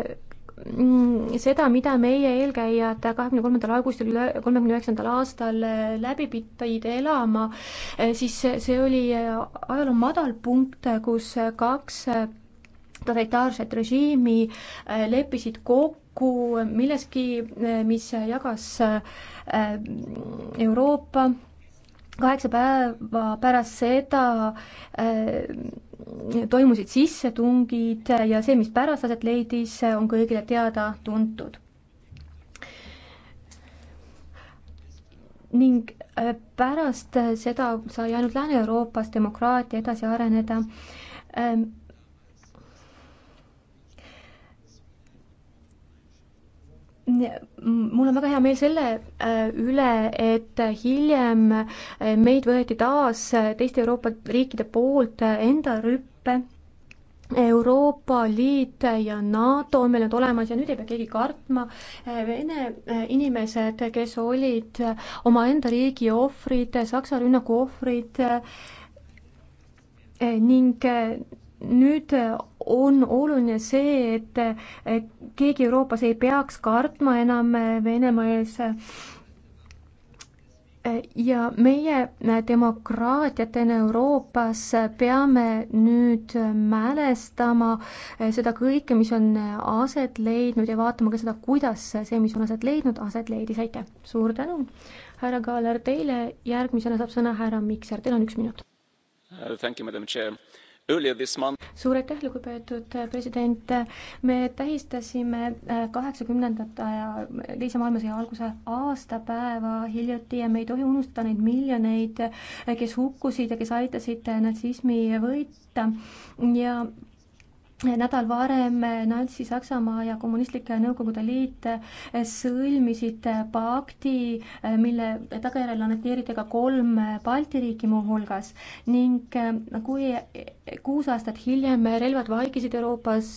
seda, mida meie eelkäijad kahekümne kolmandal augustil üle kolmekümne üheksandal aastal läbi pidid elama, siis see oli ajaloo madalpunkt, kus kaks totalitaarset režiimi, äh, leppisid kokku milleski, äh, mis jagas äh, Euroopa kaheksa päeva pärast seda toimusid sissetungid ja see, mis pärast aset leidis, on kõigile teada-tuntud. ning pärast seda sai ainult Lääne-Euroopas demokraatia edasi areneda ähm, mul on väga hea meel selle äh, üle, et hiljem äh, meid võeti taas äh, teiste Euroopa riikide poolt enda rüppe. Euroopa Liit ja NATO on meil nüüd olemas ja nüüd ei pea keegi kartma. Vene inimesed, kes olid omaenda riigi ohvrid, Saksa rünnaku ohvrid ning nüüd äh, on oluline see, et keegi Euroopas ei peaks kartma enam äh, Venemaa ees. Äh, ja meie demokraatiatena Euroopas peame nüüd mälestama seda kõike, mis on aset leidnud ja vaatama ka seda, kuidas see, mis on aset leidnud, aset leidis, aitäh. suur tänu, härra Kaaler, teile järgmisena saab sõna härra Mikser, teil on üks minut. Uh, thank you, madam chair suur aitäh, lugupeetud president. me tähistasime äh, kaheksakümnendat äh, teise maailmasõja alguse aastapäeva hiljuti ja me ei tohi unustada neid miljoneid, äh, kes hukkusid ja kes aitasid natsismi võita ja nädal varem Natsi-Saksamaa ja Kommunistlik Nõukogude Liit sõlmisid pakti, mille tagajärjel annekteeriti ka kolm Balti riiki muuhulgas ning kui kuus aastat hiljem relvad vaikisid Euroopas,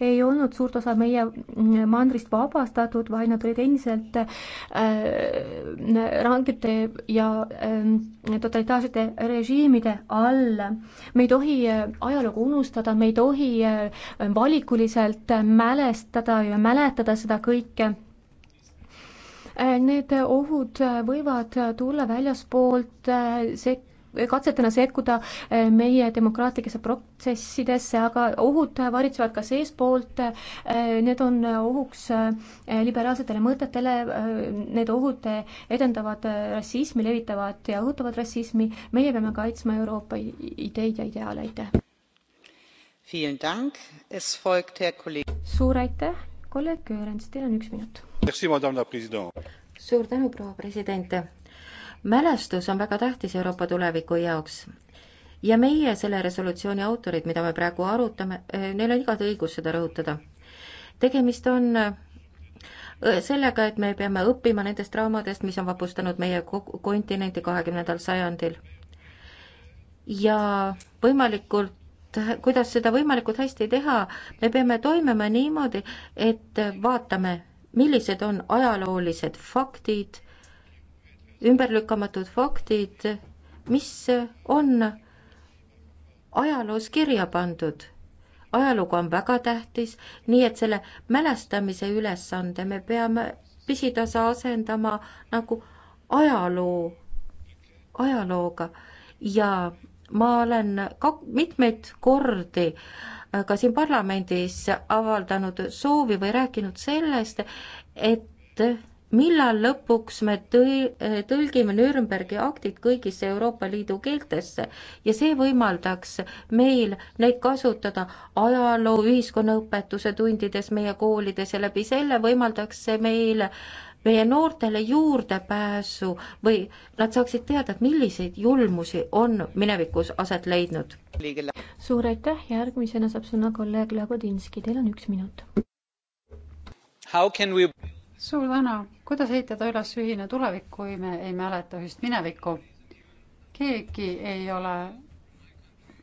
ei olnud suurt osa meie mandrist vabastatud, vaid nad olid endiselt äh, rangete ja äh, totalitaarsete režiimide all. me ei tohi äh, ajalugu unustada, me ei tohi äh, valikuliselt mälestada ja mäletada seda kõike. Need ohud võivad tulla väljaspoolt sek-, katsetena sekkuda meie demokraatlikesse protsessidesse, aga ohud varitsevad ka seespoolt, need on ohuks liberaalsetele mõtetele, need ohud edendavad rassismi, levitavad ja õhutavad rassismi, meie peame kaitsma Euroopa ideid ja ideaale, aitäh! suur aitäh, kolleeg Köörens, teil on üks minut. suur tänu, proua president. mälestus on väga tähtis Euroopa tuleviku jaoks ja meie, selle resolutsiooni autorid, mida me praegu arutame, eh, neil on igati õigus seda rõhutada. tegemist on eh, sellega, et me peame õppima nendest traumadest, mis on vapustanud meie kontinenti kahekümnendal sajandil. ja võimalikult kuidas seda võimalikult hästi teha, me peame toimima niimoodi, et vaatame, millised on ajaloolised faktid, ümberlükkamatud faktid, mis on ajaloos kirja pandud. ajalugu on väga tähtis, nii et selle mälestamise ülesande me peame pisitasa asendama nagu ajaloo, ajalooga ja ma olen kak-, mitmeid kordi äh, ka siin parlamendis avaldanud soovi või rääkinud sellest, et millal lõpuks me tõi-, äh, tõlgime Nürnbergi aktid kõigisse Euroopa Liidu keeltesse ja see võimaldaks meil neid kasutada ajaloo, ühiskonnaõpetuse tundides meie koolides ja läbi selle võimaldaks see meil äh, meie noortele juurdepääsu või nad saaksid teada, et milliseid julmusi on minevikus aset leidnud. suur aitäh, järgmisena saab sõna kolleeg Lagodinski, teil on üks minut. We... suur tänu, kuidas ehitada üles ühine tulevik, kui me ei mäleta ühist minevikku? keegi ei ole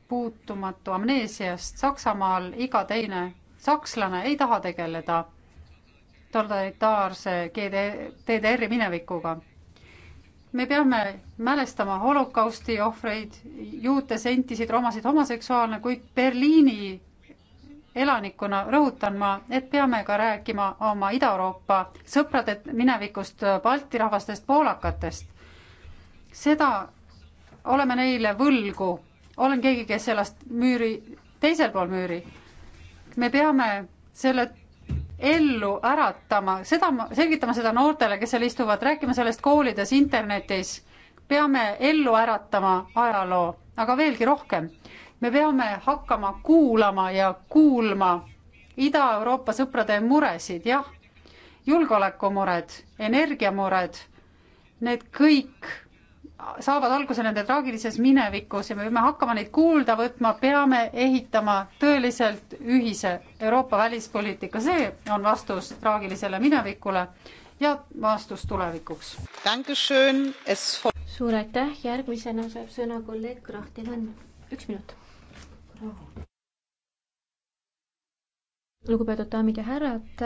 puutumatu amneesiast Saksamaal, iga teine sakslane ei taha tegeleda totalitaarse GD, DDR-i minevikuga. me peame mälestama holokausti ohvreid, juute, sentisid, romasid, homoseksuaalne, kuid Berliini elanikuna rõhutan ma, et peame ka rääkima oma Ida-Euroopa sõprade minevikust, Balti rahvastest, poolakatest. seda oleme neile võlgu. olen keegi, kes elas müüri, teisel pool müüri. me peame selle ellu äratama, seda, selgitama seda noortele, kes seal istuvad, rääkima sellest koolides, internetis. peame ellu äratama ajaloo, aga veelgi rohkem. me peame hakkama kuulama ja kuulma Ida-Euroopa sõprade muresid, jah, julgeolekumured, energiamured, need kõik saavad alguse nende traagilises minevikus ja me peame hakkama neid kuulda võtma, peame ehitama tõeliselt ühise Euroopa välispoliitika, see on vastus traagilisele minevikule ja vastus tulevikuks. suur aitäh, järgmisena saab sõna kolleeg Krahv, teil on üks minut. lugupeetud daamid ja härrad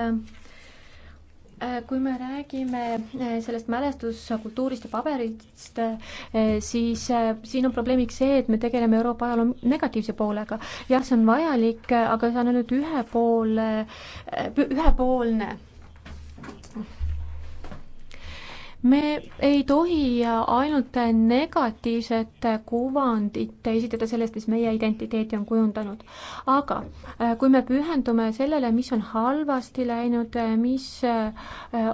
Äh, kui me räägime äh, sellest mälestuskultuurist ja paberist, äh, siis siin on probleemiks see, et me tegeleme Euroopa ajaloo negatiivse poolega. jah, see on vajalik, aga see on ainult ühe poole, ühepoolne me ei tohi ainult negatiivset kuvandit esitada sellest, mis meie identiteeti on kujundanud. aga äh, kui me pühendume sellele, mis on halvasti läinud, äh, mis äh,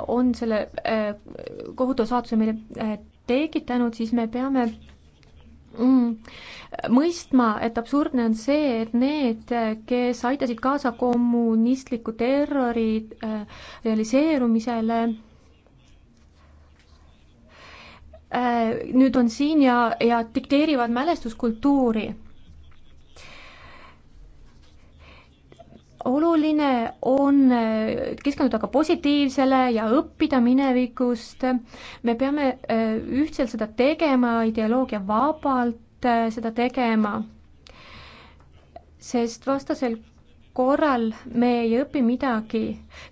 on selle kohutava saatuse meile tekitanud, siis me peame mm, mõistma, et absurdne on see, et need, kes aitasid kaasa kommunistliku terrori realiseerumisele, Äh, nüüd on siin ja, ja dikteerivad mälestuskultuuri. oluline on äh, keskenduda ka positiivsele ja õppida minevikust. me peame äh, ühtselt seda tegema, ideoloogia vabalt seda tegema, sest vastasel korral me ei õpi midagi,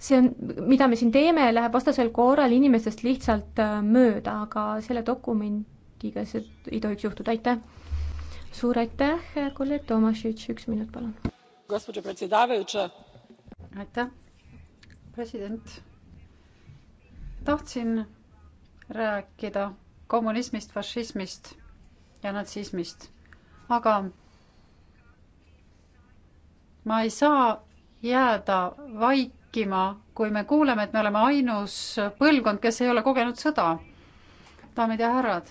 see on, mida me siin teeme, läheb vastasel korral inimestest lihtsalt äh, mööda, aga selle dokumendiga see ei tohiks juhtuda, aitäh. suur aitäh, kolleeg Tomašitš, üks minut, palun. aitäh, president. tahtsin rääkida kommunismist, fašismist ja natsismist, aga ma ei saa jääda vaikima, kui me kuuleme, et me oleme ainus põlvkond, kes ei ole kogenud sõda. daamid ja härrad,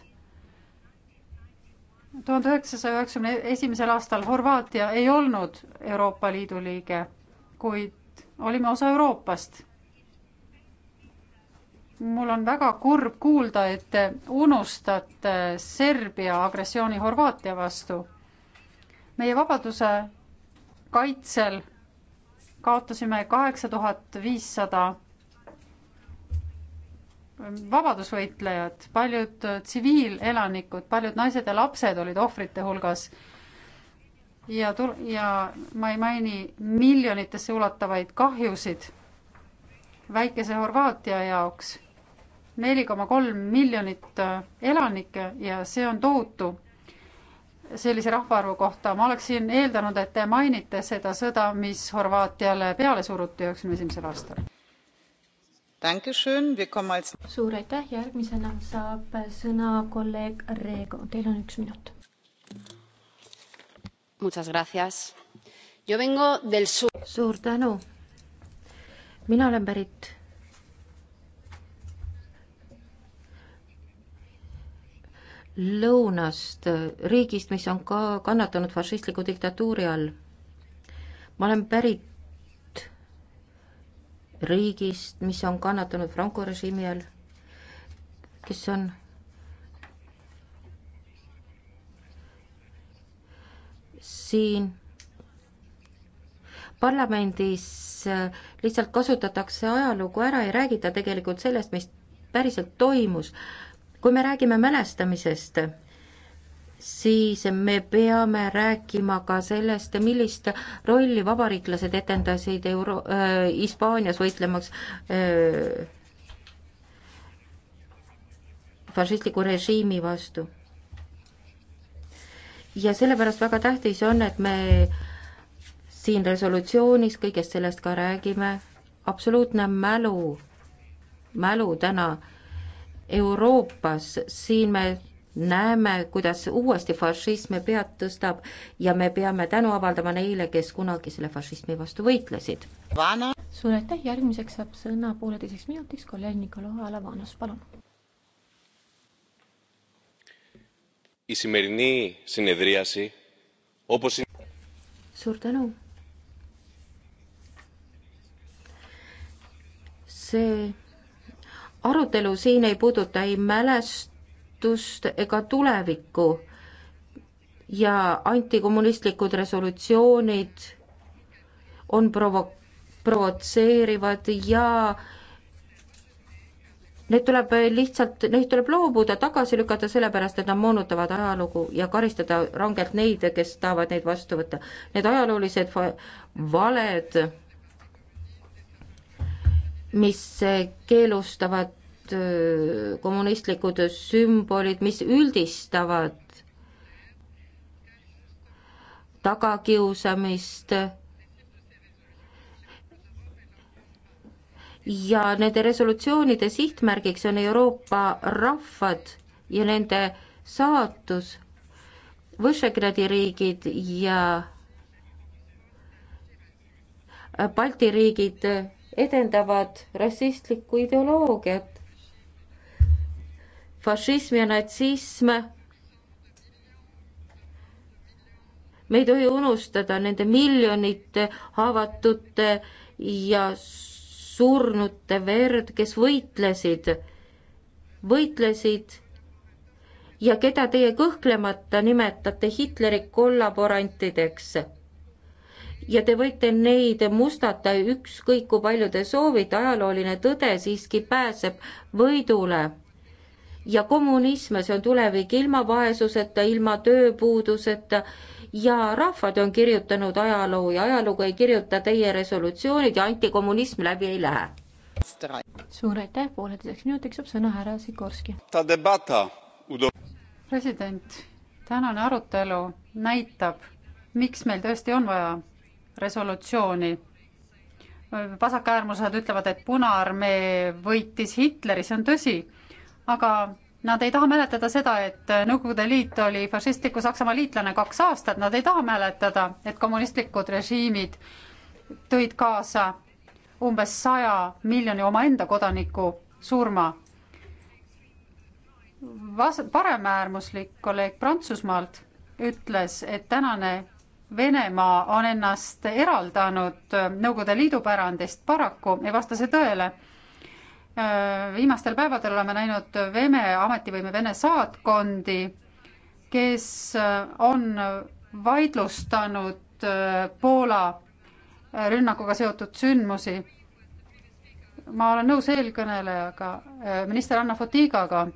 tuhande üheksasaja üheksakümne esimesel aastal Horvaatia ei olnud Euroopa Liidu liige, kuid olime osa Euroopast. mul on väga kurb kuulda, et te unustate Serbia agressiooni Horvaatia vastu. meie vabaduse kaitsel kaotasime kaheksa tuhat viissada vabadusvõitlejat, paljud tsiviilelanikud, paljud naised ja lapsed olid ohvrite hulgas. ja tul-, ja ma ei maini miljonitesse ulatavaid kahjusid väikese Horvaatia jaoks, neli koma kolm miljonit elanikke ja see on tohutu sellise rahvaarvu kohta, ma oleksin eeldanud, et te mainite seda sõda, mis Horvaatiale peale suruti üheksakümne esimesel aastal. suur aitäh, järgmisena saab sõna kolleeg Reego, teil on üks minut. suur tänu. mina olen pärit lõunast, riigist, mis on ka kannatanud fašistliku diktatuuri all. ma olen pärit riigist, mis on kannatanud Franco režiimi all, kes on siin parlamendis äh, lihtsalt kasutatakse ajalugu ära, ei räägita tegelikult sellest, mis päriselt toimus kui me räägime mälestamisest, siis me peame rääkima ka sellest, millist rolli vabariiklased etendasid Euro- äh,, Hispaanias võitlemaks äh, fašistliku režiimi vastu. ja sellepärast väga tähtis on, et me siin resolutsioonis kõigest sellest ka räägime, absoluutne mälu, mälu täna Euroopas, siin me näeme, kuidas uuesti fašism pead tõstab ja me peame tänu avaldama neile, kes kunagi selle fašismi vastu võitlesid. suur aitäh, järgmiseks saab sõna pooleteiseks minutiks kolleeg Nikolai Alavanos, palun. suur tänu. see arutelu siin ei puuduta ei mälestust ega tulevikku ja antikommunistlikud resolutsioonid on provo-, provotseerivad ja Need tuleb lihtsalt, neid tuleb loobuda, tagasi lükata, sellepärast et nad moonutavad ajalugu ja karistada rangelt neid, kes tahavad neid vastu võtta. Need ajaloolised valed mis keelustavad kommunistlikud sümbolid, mis üldistavad tagakiusamist ja nende resolutsioonide sihtmärgiks on Euroopa rahvad ja nende saatus, Võšegradi riigid ja Balti riigid edendavad rassistlikku ideoloogiat. fašism ja natsism. me ei tohi unustada nende miljonite haavatute ja surnute verd, kes võitlesid, võitlesid ja keda teie kõhklemata nimetate Hitleri kollaborantideks ja te võite neid mustata ükskõik kui palju te soovite, ajalooline tõde siiski pääseb võidule. ja kommunism, see on tulevik ilma vaesuseta, ilma tööpuuduseta ja rahvad on kirjutanud ajaloo ja ajalugu ei kirjuta teie resolutsioonid ja antikommunism läbi ei lähe. suur aitäh, pooleteiseks minutiks saab sõna härra Sikorski. president, tänane arutelu näitab, miks meil tõesti on vaja resolutsiooni. vasakäärmuslased ütlevad, et Punaarmee võitis Hitleri, see on tõsi, aga nad ei taha mäletada seda, et Nõukogude Liit oli fašistliku Saksamaa liitlane kaks aastat, nad ei taha mäletada, et kommunistlikud režiimid tõid kaasa umbes saja miljoni omaenda kodaniku surma vas-, paremäärmuslik kolleeg Prantsusmaalt ütles, et tänane Venemaa on ennast eraldanud Nõukogude Liidu pärandist, paraku ei vasta see tõele. viimastel päevadel oleme näinud Vene ametivõime Vene saatkondi, kes on vaidlustanud Poola rünnakuga seotud sündmusi. ma olen nõus eelkõnelejaga, minister Anna Fotigaga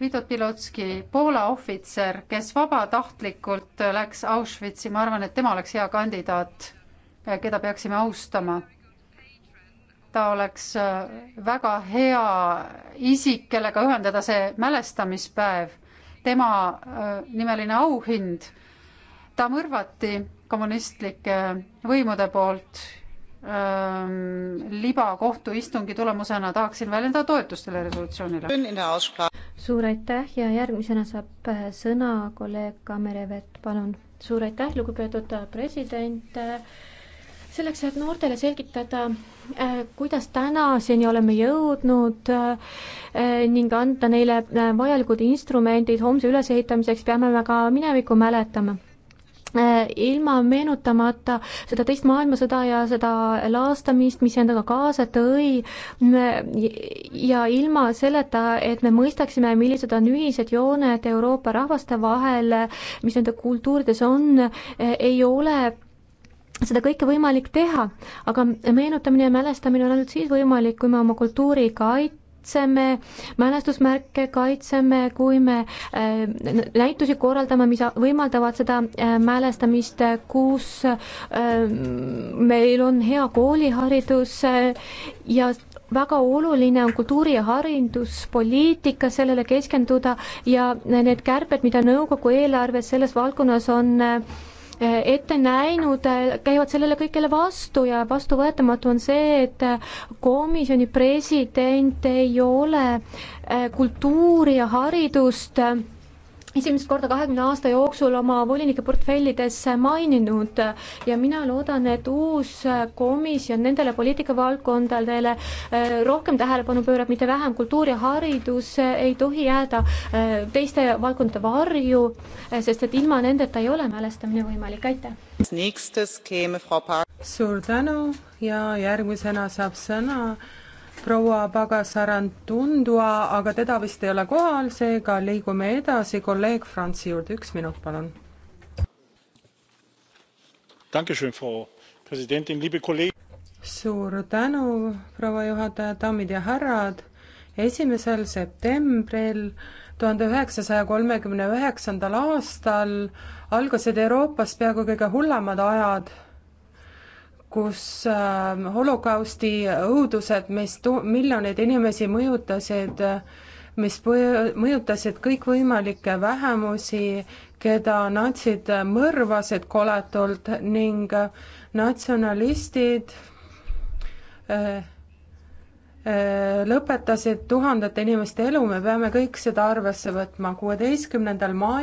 Vito Pilotski, Poola ohvitser, kes vabatahtlikult läks Auschwitzi, ma arvan, et tema oleks hea kandidaat, keda peaksime austama. ta oleks äh, väga hea isik, kellega ühendada see mälestamispäev, tema äh, nimeline auhind. ta mõrvati kommunistlike võimude poolt ähm, libakohtuistungi tulemusena tahaksin väljendada toetust sellele resolutsioonile. suur aitäh ja järgmisena saab äh, sõna kolleeg Kamerevet, palun. suur aitäh, lugupeetud äh, president selleks, et noortele selgitada, äh, kuidas tänaseni oleme jõudnud ning anda neile vajalikud instrumendid homse ülesehitamiseks, peame me ka minevikku mäletama Äh, ilma meenutamata seda teist maailmasõda ja seda laastamist, mis endaga kaasa tõi, ja ilma selleta, et me mõistaksime, millised on ühised jooned Euroopa rahvaste vahel, mis nende kultuurides on, äh, ei ole seda kõike võimalik teha, aga meenutamine ja mälestamine on ainult siis võimalik, kui me oma kultuuri kait-, kaitseme mälestusmärke, kaitseme, kui me äh, näitusi korraldame, mis võimaldavad seda äh, mälestamist, kus äh, meil on hea kooliharidus ja väga oluline on kultuuri- ja hariduspoliitika, sellele keskenduda ja need kärped, mida nõukogu eelarves selles valdkonnas on äh, ette näinud, käivad sellele kõigele vastu ja vastuvõetamatu on see, et komisjoni president ei ole äh, kultuuri ja haridust esimest korda kahekümne aasta jooksul oma volinike portfellides maininud ja mina loodan, et uus komisjon nendele poliitikavaldkondadele äh, rohkem tähelepanu pöörab, mitte vähem. kultuur ja haridus äh, ei tohi jääda äh, teiste valdkondade varju, sest et ilma nendeta ei ole mälestamine võimalik, aitäh! suur tänu ja järgmisena saab sõna proua Pagasarantundua, aga teda vist ei ole kohal, seega liigume edasi kolleeg Franzi juurde, üks minut, palun. suur tänu, proua juhataja, daamid ja härrad. esimesel septembril tuhande üheksasaja kolmekümne üheksandal aastal algasid Euroopas peaaegu kõige hullemad ajad kus ähm, holokausti õudused, mis tu-, miljoneid inimesi mõjutasid, mis mõjutasid kõikvõimalikke vähemusi, keda natsid mõrvasid koletult ning natsionalistid äh, äh, lõpetasid tuhandete inimeste elu, me peame kõik seda arvesse võtma. kuueteistkümnendal mail